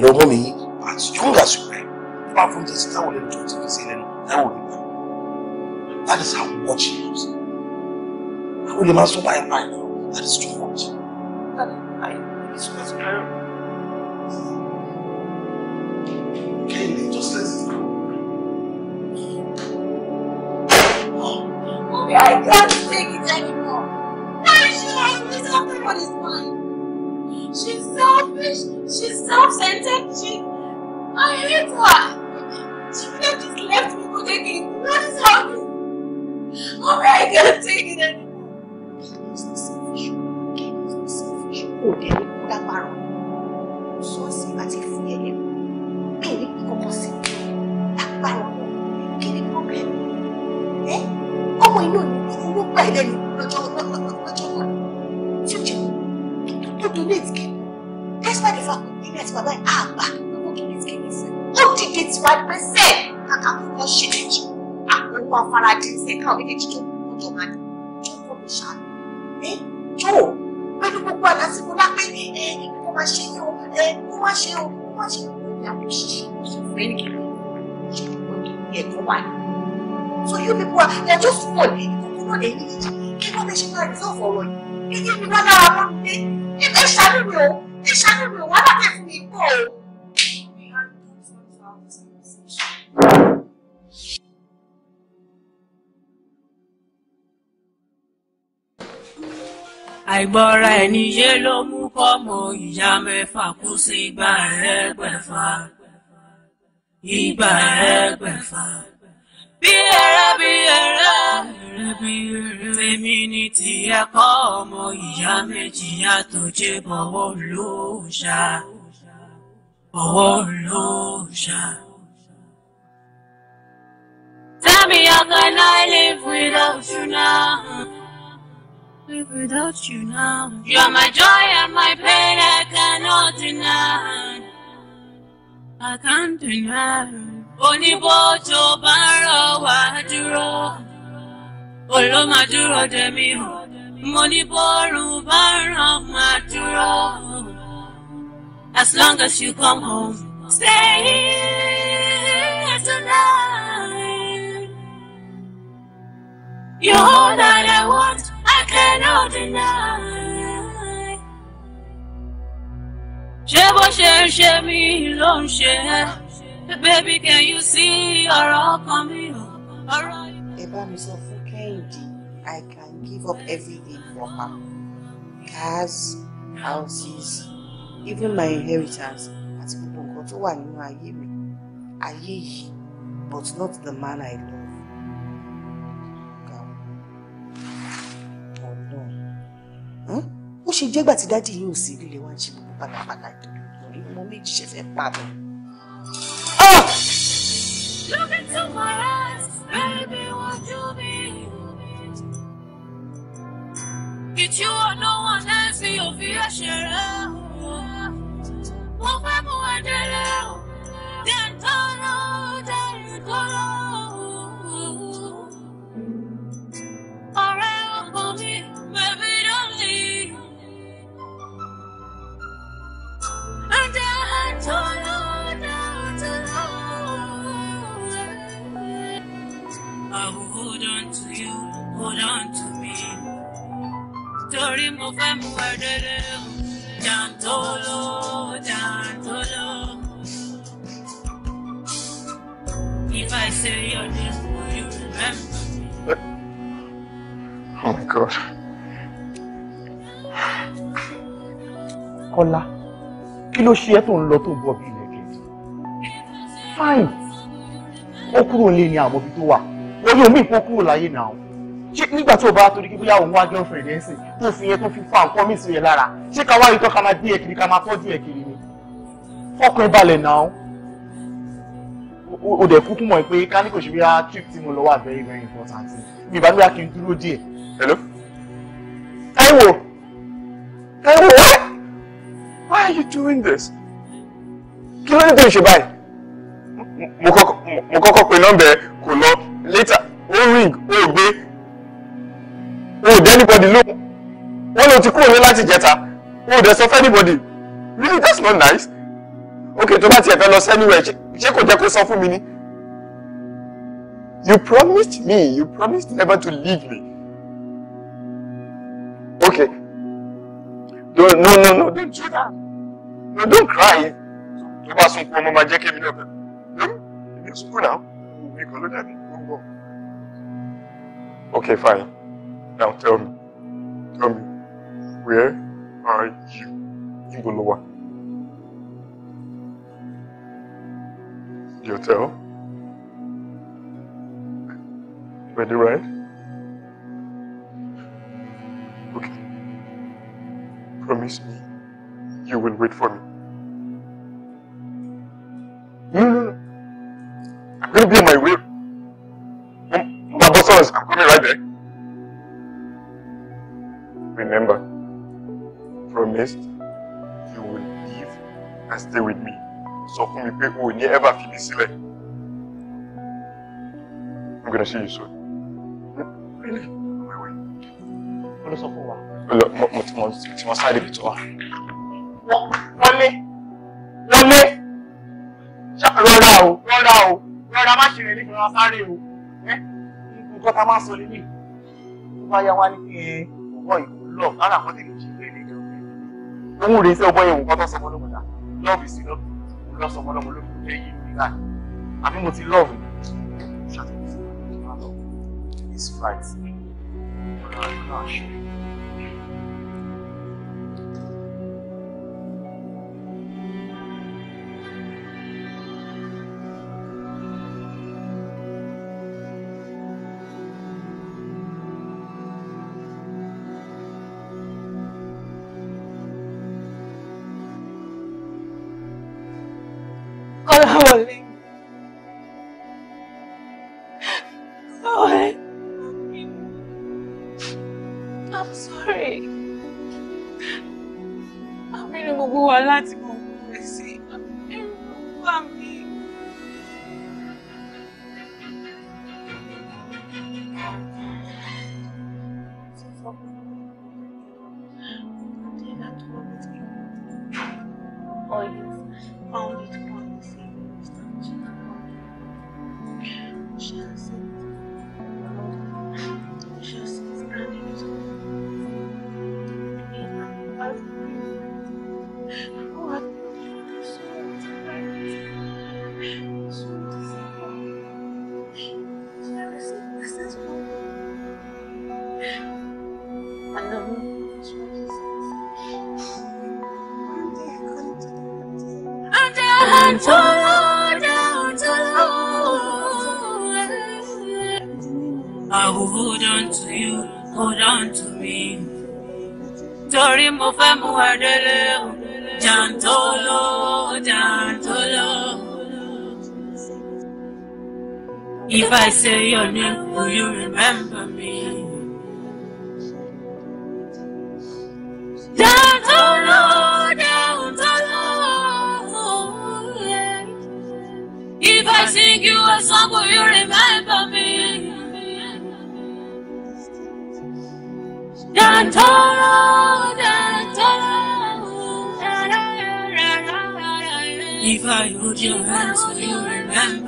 mi mi as young as you are, ẹ máa fún jẹsí táwọn lẹnu tó ti fi sí lẹnu táwọn ò ní gbà that is how much you use àwọn olè máa sọ báyìí àìgbọ́ra ẹni yé ló mú kọ́mọ ìyá mẹ́fà kú sí igba ẹgbẹ̀fà igba ẹgbẹ̀fà. bí ẹrẹ́ bí ẹrẹ́ tèmi ni tìyẹ kọ́ ọmọ ìyá méjì yàtọ̀ jẹ́ bọ̀wọ̀ lóòṣà bọ̀wọ̀ lóòṣà. Tell how can I live without you now? live without you now. You're my joy and my pain, I cannot deny. I can't deny. Oníbo tó bá barrow, rọ wá maduro, olómadúró dẹ̀mí o. Mo barrow, maduro. As long as you come home, stay here tonight. You're all that I want. cannot deny. ṣé bó ṣe ń me, mí ló baby can you see ọ̀rọ̀ ọkàn mi ọ̀rọ̀. ẹ bá mi sọ fún Kẹ́hìndé I can give up everything for her cars houses even my inheritance àti gbogbo nǹkan tó wà nínú ayé mi ayé yìí but not the man I love. ṣe jẹ́gbà tí dádì yìí ò sí líle wá ṣe gbogbo pàlàpàlà ìdòrí mo méjì ṣe fẹ́ pa mi. Ah! Look into my eyes, baby, won't you be? Get you or no one else, you'll be a sheriff. down to me. Torí mo fẹ́ mú ẹ délé o, jàǹtóló, jàǹtóló. If I say your name, will you remember me? Oh my God. Kola, kí ló ṣe ẹ́ tó ń lọ tó bọ̀ bí ilẹ̀ kejì? Fine, ó kúrò nílé ni àmọ́bí tó wà. Orí omi ìpó kúrò láyé náà ṣé nígbà tí o bá torí kíkú yàwó wá girlfriend ẹ̀ sìn tó fi yẹn tó fi fa nǹkan míì sí yẹn lára ṣé ká wá ìtọ́ ká máa gbé ẹ̀kiri ká máa tọ́jú ẹ̀kiri ni fọkàn ẹ balẹ̀ náà o dẹ̀ kúkú mọ̀ pé ká ní kò ṣe bí a trip tí mo lọ wà very very important mi ìbá nígbà kí n dúró díẹ̀. hello. ẹ wò ẹ wò wá why are you doing this? kí ló ń dé ìṣe báyìí? mo kọ́kọ́ pe nọ́mbẹ̀ kò lọ later ó ring ó gbé wọn ò anybody look? wọn ló ti kúrò ní láti jẹta wọn ò dé sọ fún anybody really that's not nice ok tó bá tiẹ̀ fẹ́ lọ sẹ́niwẹ̀ ṣé kò jẹ́ kó sọ fún mi ni you promised me you promised never to leave me ok no no no no don't do that no don't cry tó bá sunkún ọmọ máa jẹ́ kémi náà No, you sunkún náà mi kàn ló dàbí ó ń ok fine. Now tell me, tell me, where are you, Imbolowa? The hotel? Ready, right? Okay. Promise me you will wait for me. No, no, no. I'm going to be on my way. boss I'm rest you will live and stay with me sọ fún mi pé o ò ní ever fi mi sílẹ̀ I'm gonna see you soon. Really? Wait, wait. Mo lọ sọ fún wa. Mo ti mọ ti mọ sáré ibi tó wà. Wọ́n lé. Wọ́n lé. Rọra o, rọra o, rọra má ṣe rẹ̀ nígbà wọn sáré o. Nǹkan tá a máa sọ lé mi. Wọ́n á yá wá ní ọ̀pọ̀ ìlú lọ, lára àwọn tèmi jì òun rèé sí ọgbọ́n yẹn nǹkan tó sọ ọmọ lókun love is love ló sọ ọmọ lọ́mọ lókun jẹ́ yìí nígbà àbí mo ti love ṣàtúnṣe it's right. Oh, gosh. say your name, will you remember me? If I sing you a song, will you remember me? Down to If I hold your hands, will you remember?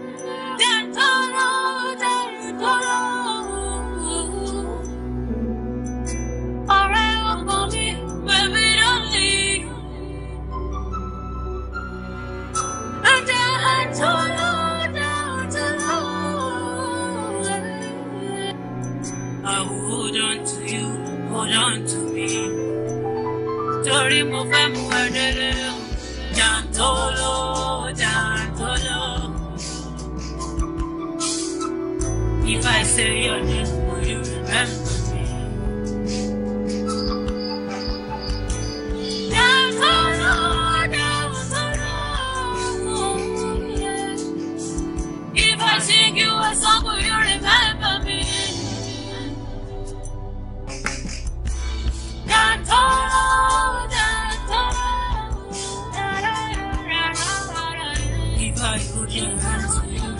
torí mo fẹ́ mú ẹ délé o jàǹtóló jàǹtóló. If I say your name, will you remember me? Jàǹtóló jàǹtóló. If I sing you song, will you You king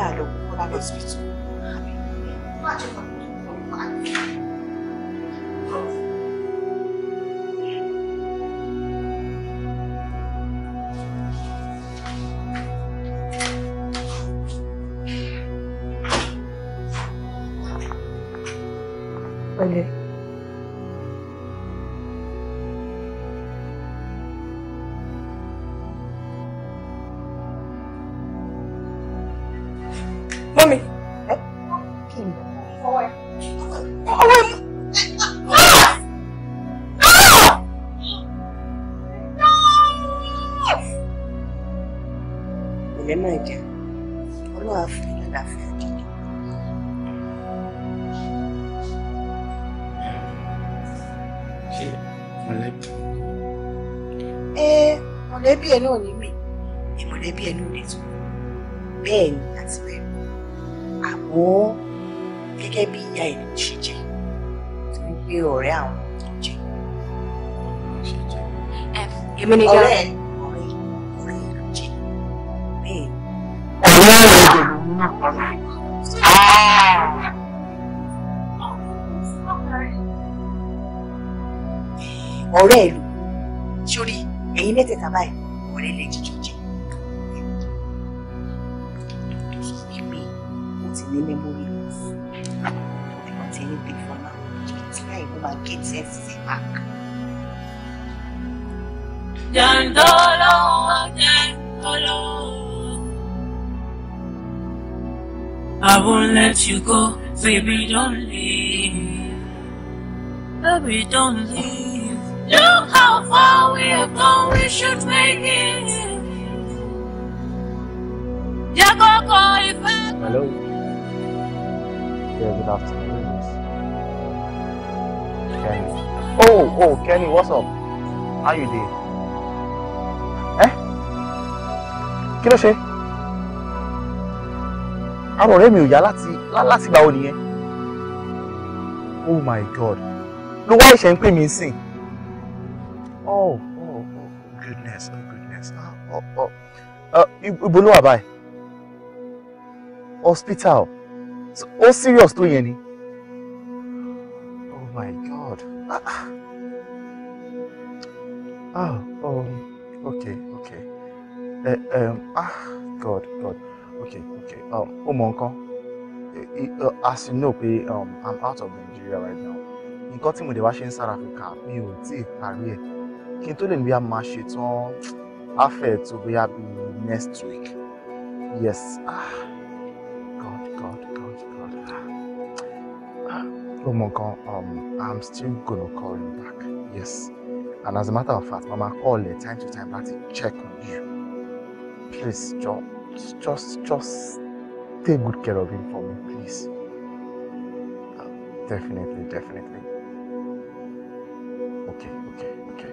da rural hospital Vale. ẹ náà ní mí ìmọ̀lẹ́bí ẹ náà ní tó bẹ́ẹ̀ ni àti bẹ́ẹ̀ àmọ́ gẹ́gẹ́ bí ìyá ẹ̀ ṣe jẹ́ torí pé ọ̀rẹ́ àwọn tó jẹ́. èmi ni Baby, don't leave. Baby, don't leave. Look how far we have gone, we should make it. Hello. Yeah, good afternoon. Kenny. Oh, oh, Kenny, what's up? How you doing? Eh? Can I say? àrò ọ̀rẹ́ mi ò yá láti láti gbà ó nìyẹn oh my god ló wá ìṣẹ̀ ń pè mí sìn oh oh oh goodness oh goodness ah, oh oh Uh, ibo ló wà báyìí hospital ó serious tó yẹn ni oh my god ah ah, ah oh okay okay uh, um, ah god god okay okay um, mọ uh, as you know pé um, i'm out of Nigeria right now nǹkan tí mo dé wá ṣe ń South Africa mi ò tí ì parí ẹ̀ kí n tó lè ní bí a máa ṣetán afẹ́ tó bóyá next week yes ah god god god god ah ó um, i'm still gonna call you back yes and as a matter of fact mama call you time to time to check on you please jọ̀ọ́ just, just just take good care of him for me, please. Uh, definitely, definitely. Okay, okay, okay.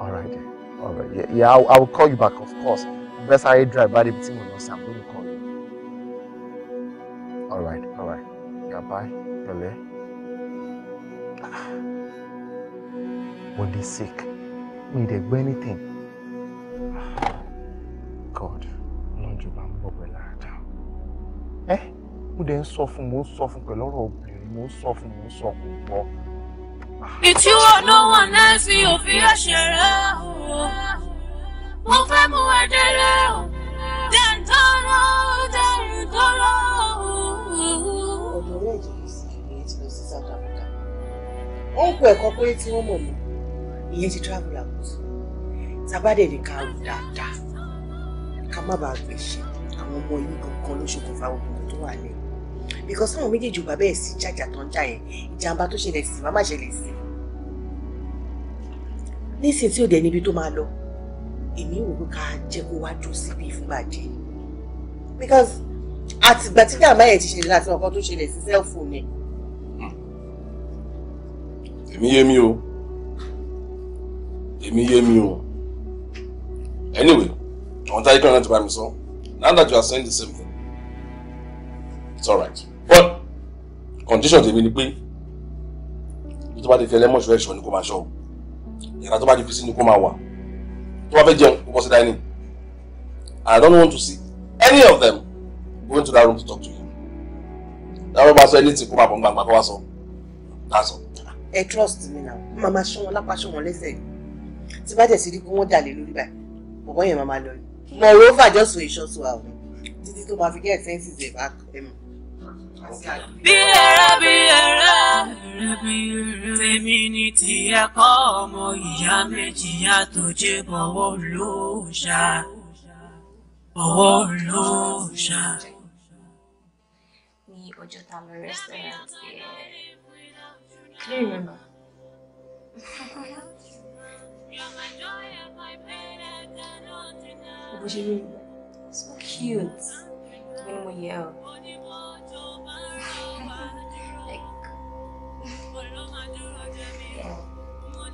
All right, then. All right. Yeah, yeah I'll, will call you back, of course. Best I drive by the meeting will I'm going to call you. All right, all right. Yeah, bye. Pẹ̀lẹ́. Body sick. We didn't do anything. God. mo dẹ̀ ń sọ fún mo ń sọ fún pẹ̀lú ọ̀rọ̀ obìnrin mo ń sọ fún mo ń sọ fún gbọ́. It's you or no one else mi ò fi ọ̀ṣẹ̀ rẹ̀ o mo fẹ́ mú ẹ délé o dẹ̀ ń tọrọ dẹ̀ ń tọrọ ó ń kó ẹ̀kọ́ pé tí wọ́n mọ̀ mọ́ ìyẹn ti travel out tábàdẹ̀ ni ká wù dáadáa ká má bàa gbèsè àwọn ọmọ yìí kankan ló ṣokùnfà gbogbo tó wà lẹ́yìn because táwọn méjèèjì bàbá ẹ̀ sí jàjà tó ń jà yẹn ìjàmbá tó ṣẹlẹ̀ sí màmá ṣẹlẹ̀ sí nísìnyí tí ò dẹ̀ níbi tó máa lọ èmi ò rò ká jẹ́ kó wá jó síbi ìfúngbà jẹ́ because àtìgbà tí jàmbá yẹn ti ṣẹlẹ̀ láti ọkọ tó ṣẹlẹ̀ sí cellphone yẹn. èmi yé mi o èmi yé mi o anyway àwọn táyé kan náà ti bá mi sọ now that you are saying the same thing it's alright condition tèmi ni pé ibi tó bá ti fi ẹlẹ́mọ̀ṣọ́ ẹ̀ṣọ́ ni kó máa ṣọ́ yàrá tó bá ti fi sí ni kó máa wà tó bá fẹ́ jẹun kó bọ́ sí dining and I don't want to see any of them going to that room to talk to you dáwọ́ bá sọ anything kó máa bọ̀ gbàgbà kó wá sọ that's all. ẹ trust me now máa máa ṣọ́ wọn lápá ṣọ́ wọn lẹ́sẹ̀ tí bá tẹ̀sí rí kí wọ́n dà lé lórí báyìí bọ̀bọ̀ yẹn máa máa lọ ni moreover just for a short while títí tó máa fi get senses ẹ̀ back. Um, bí ẹrẹ bí ẹrẹ tèmi ni ti ẹkọ ọmọ ìyá méjì àtòjé bọ̀wọ̀ lóòṣà bọ̀wọ̀ lóòṣà. ní ọjọ́ tá a lọ restaurant clear remember. bó ṣe rí so cute when mo yẹ ọ.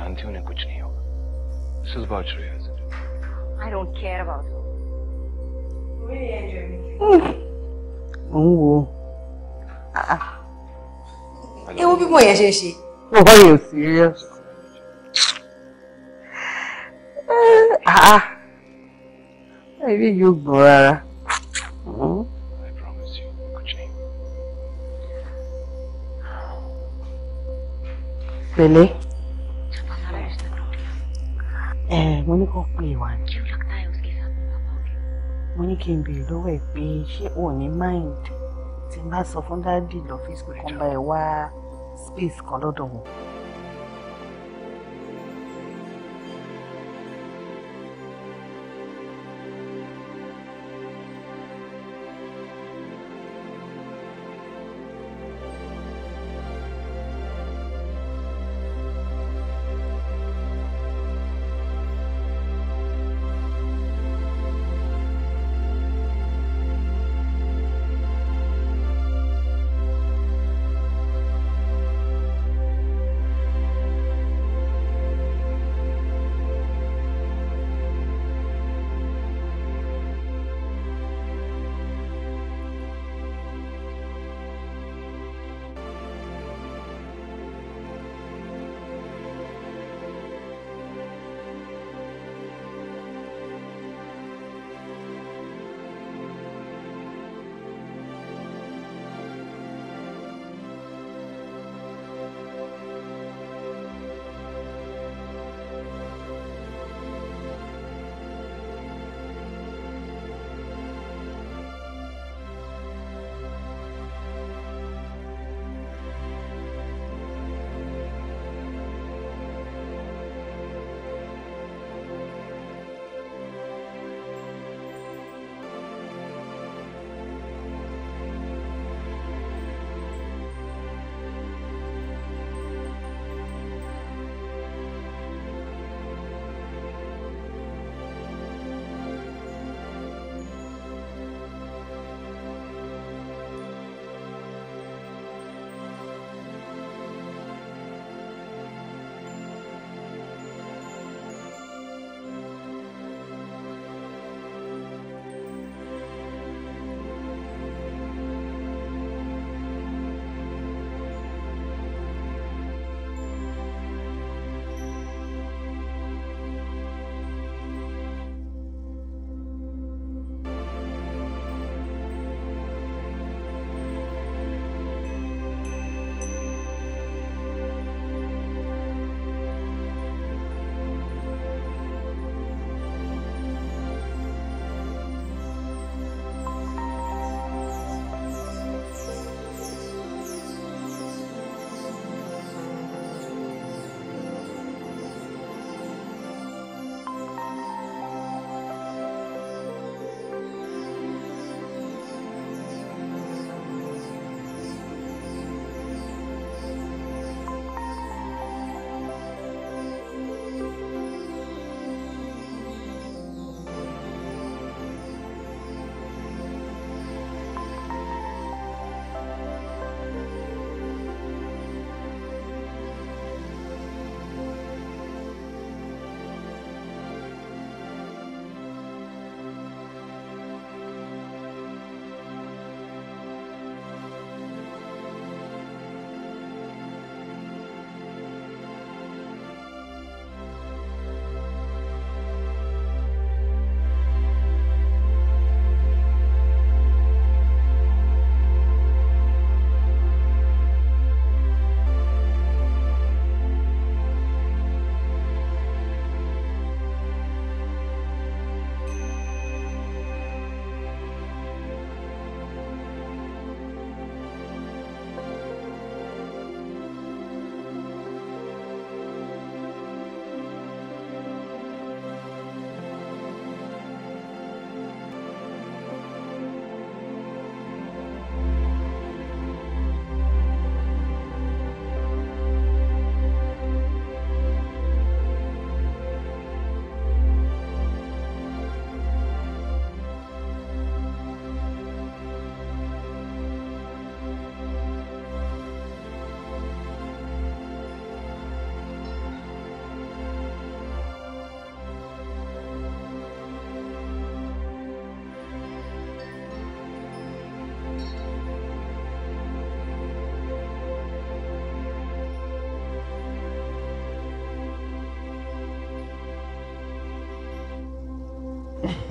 जानती हूँ उन्हें कुछ नहीं होगा this is about Shreya I don't care about ń wo ewu bí mo yẹn ṣe ṣe. wọ́n yóò serious. ẹ̀rí yóò gbọ́n rárá. Pẹ̀lẹ́. kọ́ pé wá ni. kí o lọ ta òsì sábà bàbá mo ní kí n béèrè lọ́wọ́ ẹ̀ pé ṣé o ní mind tí n bá sọ fún dáàdì lọ́fíìsì pé kán wá space kan lọ́dọ̀ wọn.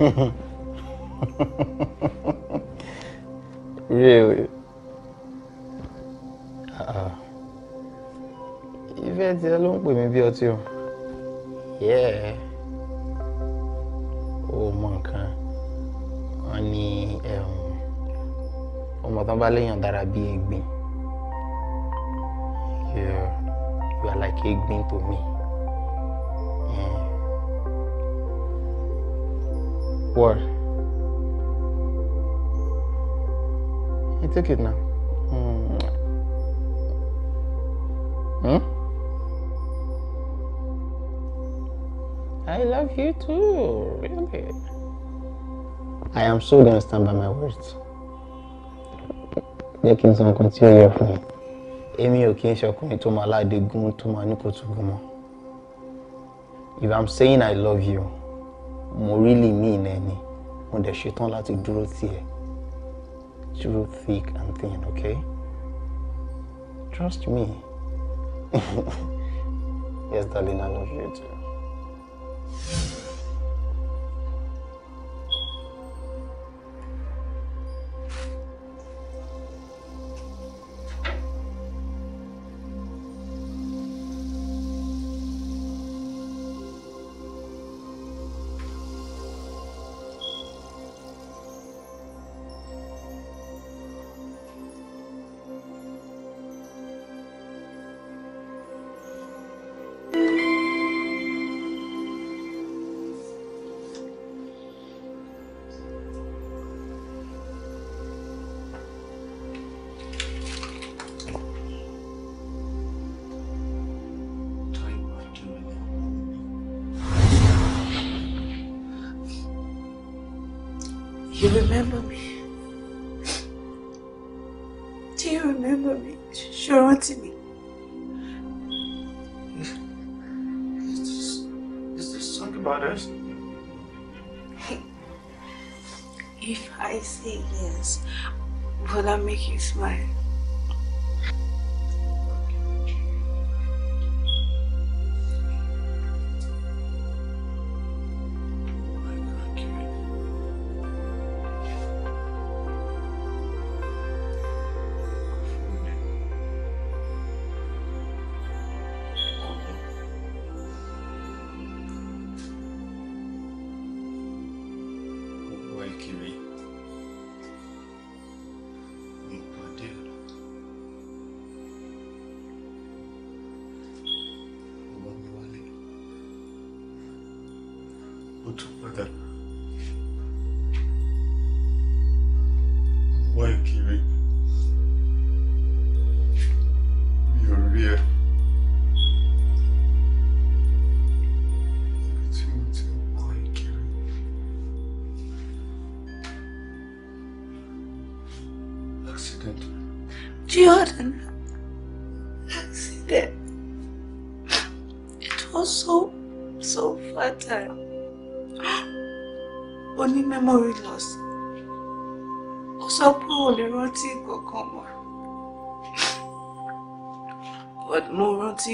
really? Uh-uh. Ìfẹ́ tiẹ̀ ló ń pè mí bí ọtí o. Yeah. Ó mọ nǹkan. Wọ́n ní um, ọmọ tán bá léèyàn dára bí egbin. Yeah. You are like egbin to me. What? He took it now. Mm. Hmm? I love you too, really. I am so gonna stand by my words. Jẹ́ some continue san nǹkan tí ó yẹ fún mi. Èmi ò kí n ṣe ọkùnrin tó máa láde tó mọ́. If I'm saying I love you. mo really mean ẹ ni mo dẹ̀ ṣetán láti dúró tì ẹ́ dúró thick and thin okay trust me yes darling I love you too. You remember me? Do you remember me? Ṣé o Is this, is this song about us? If I say yes, will I make you smile?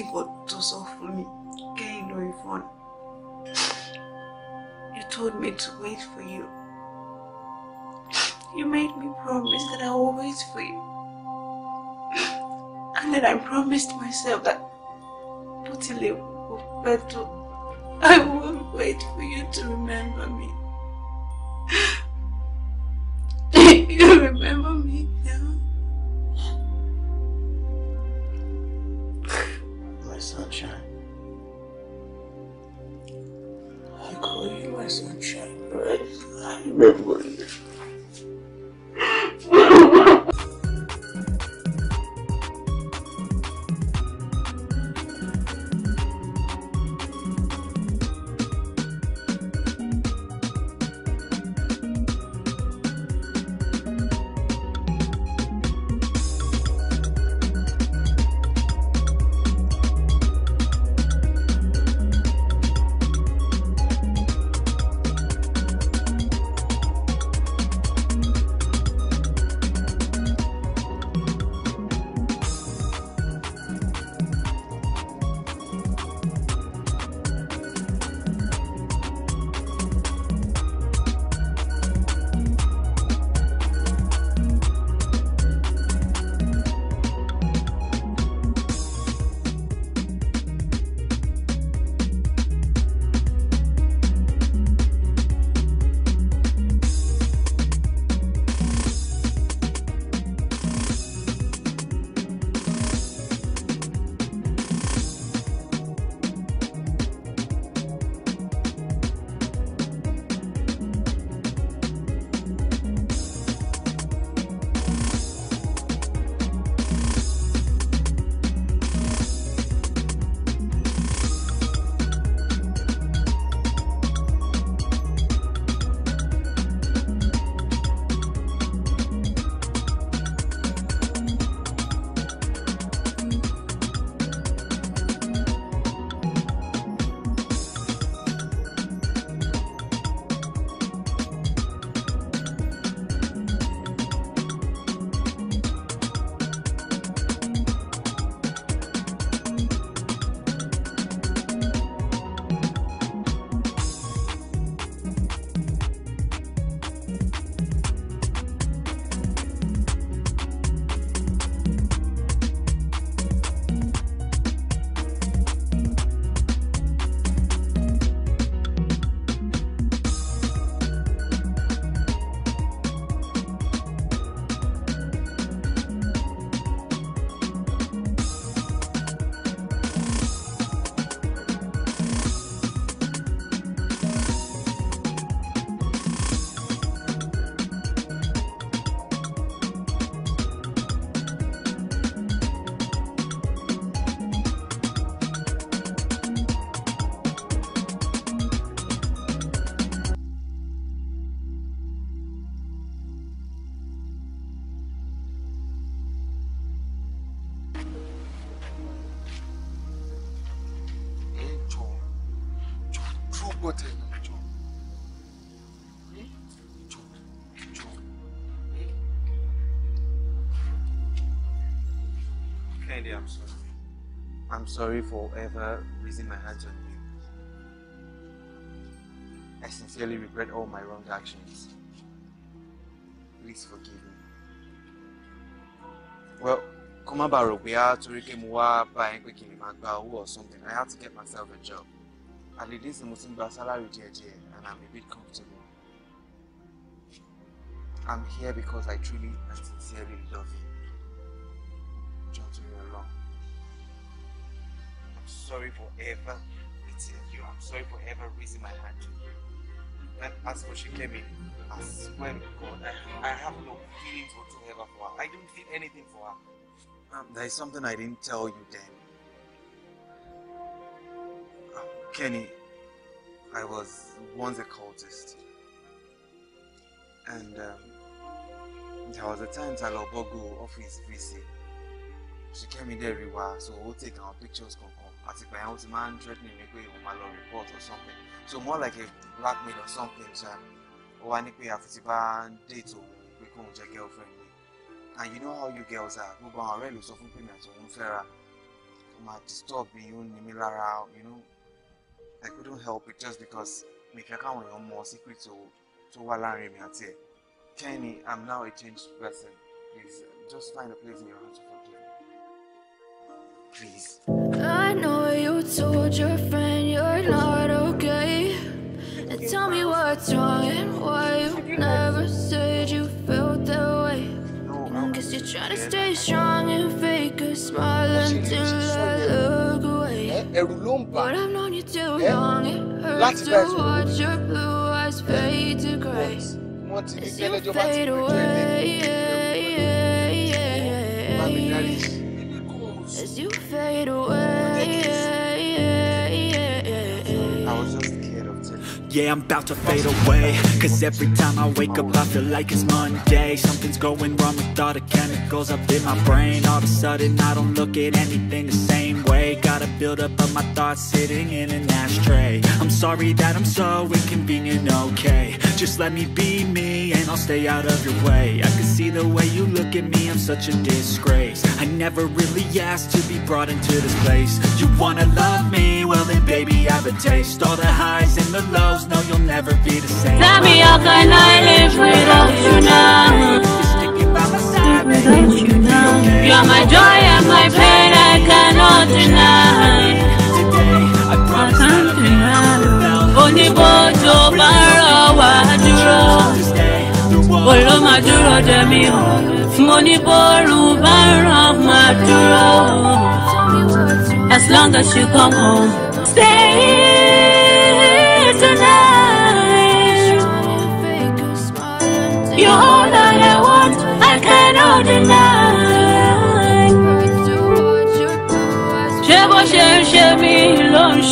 nǹkan tó sọ for me, kẹ́yìn lórí fóònù. You told me to wait for you. You made me promise that I will wait for you. And then I promised myself that bó tilẹ̀ kò pẹ́ tó, I will wait for you to remember me. you remember Andy, I'm sorry. I'm sorry for ever raising my hands on you. I sincerely regret all my wrong actions. Please forgive me. Well, come on, bàa We pé to torí pé mo wá bá ẹ or something I had to get myself a job. At least mo ti ń salary díẹ̀díẹ̀ and I'm a bit comfortable. I'm here because I truly and sincerely love you. sorry for ever you. I'm sorry for ever raising my hand to you. And she came in, I swear to God, I, have no feelings whatsoever for her. I don't feel anything for her. Um, there is something I didn't tell you then. Um, Kenny, I was once a cultist. And um, there was a time Talobogo office visit. She came in everywhere, so we'll take our pictures. àti pé àwọn ti máa ń threatening mi pé mo máa lọ report or something so more like a blackmail or something ṣá ó wá ní pé àfi ti bá ń date òun pé kóun jẹ́ girlfriend mi and you know how you girls are gbogbo àwọn ọ̀rẹ́ ló sọ fún pèmí àti òun fẹ́ra ó máa disturb mi ó ní mi lára you know I couldn't help it just because mi fẹ́ káwọn èèyàn mọ secret tó wà láàrin mi àti ẹ̀ Kenny I'm now a changed person please just find a place in your heart to find. please. I know you told your friend you're not okay. And tell me what's wrong and why you never said you felt that way. because you're trying to stay strong and fake a smile until I look away. Eh, but I've known you too eh? long, it hurts to watch your blue eyes eh? fade to gray. As you fade away, yeah, yeah, yeah as you fade away. Yeah, I'm about to fade away Cause every time I wake up I feel like it's Monday Something's going wrong with all the chemicals up in my brain All of a sudden I don't look at anything the same way Gotta build up of my thoughts sitting in an ashtray I'm sorry that I'm so inconvenient, okay Just let me be me I'll stay out of your way I can see the way you look at me, I'm such a disgrace I never really asked to be brought into this place You wanna love me? Well then baby I have a taste All the highs and the lows, no you'll never be the same Let me up and I live without you now Without you now You're my joy and my pain, I cannot deny Today, I mí as long as you come home. Stay here tonight. You're all that I want, I cannot deny. ṣé bó ṣe mí ló ń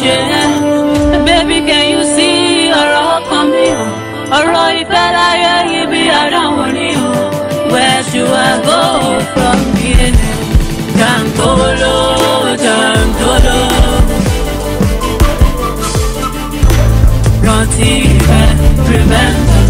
I go from here? Tangolo, Tangolo not even remember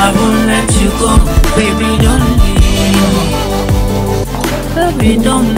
I won't let you go, baby don't leave Baby don't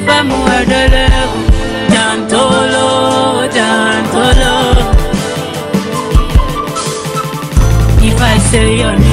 muve muendelee Jantolo, Jantolo If I say your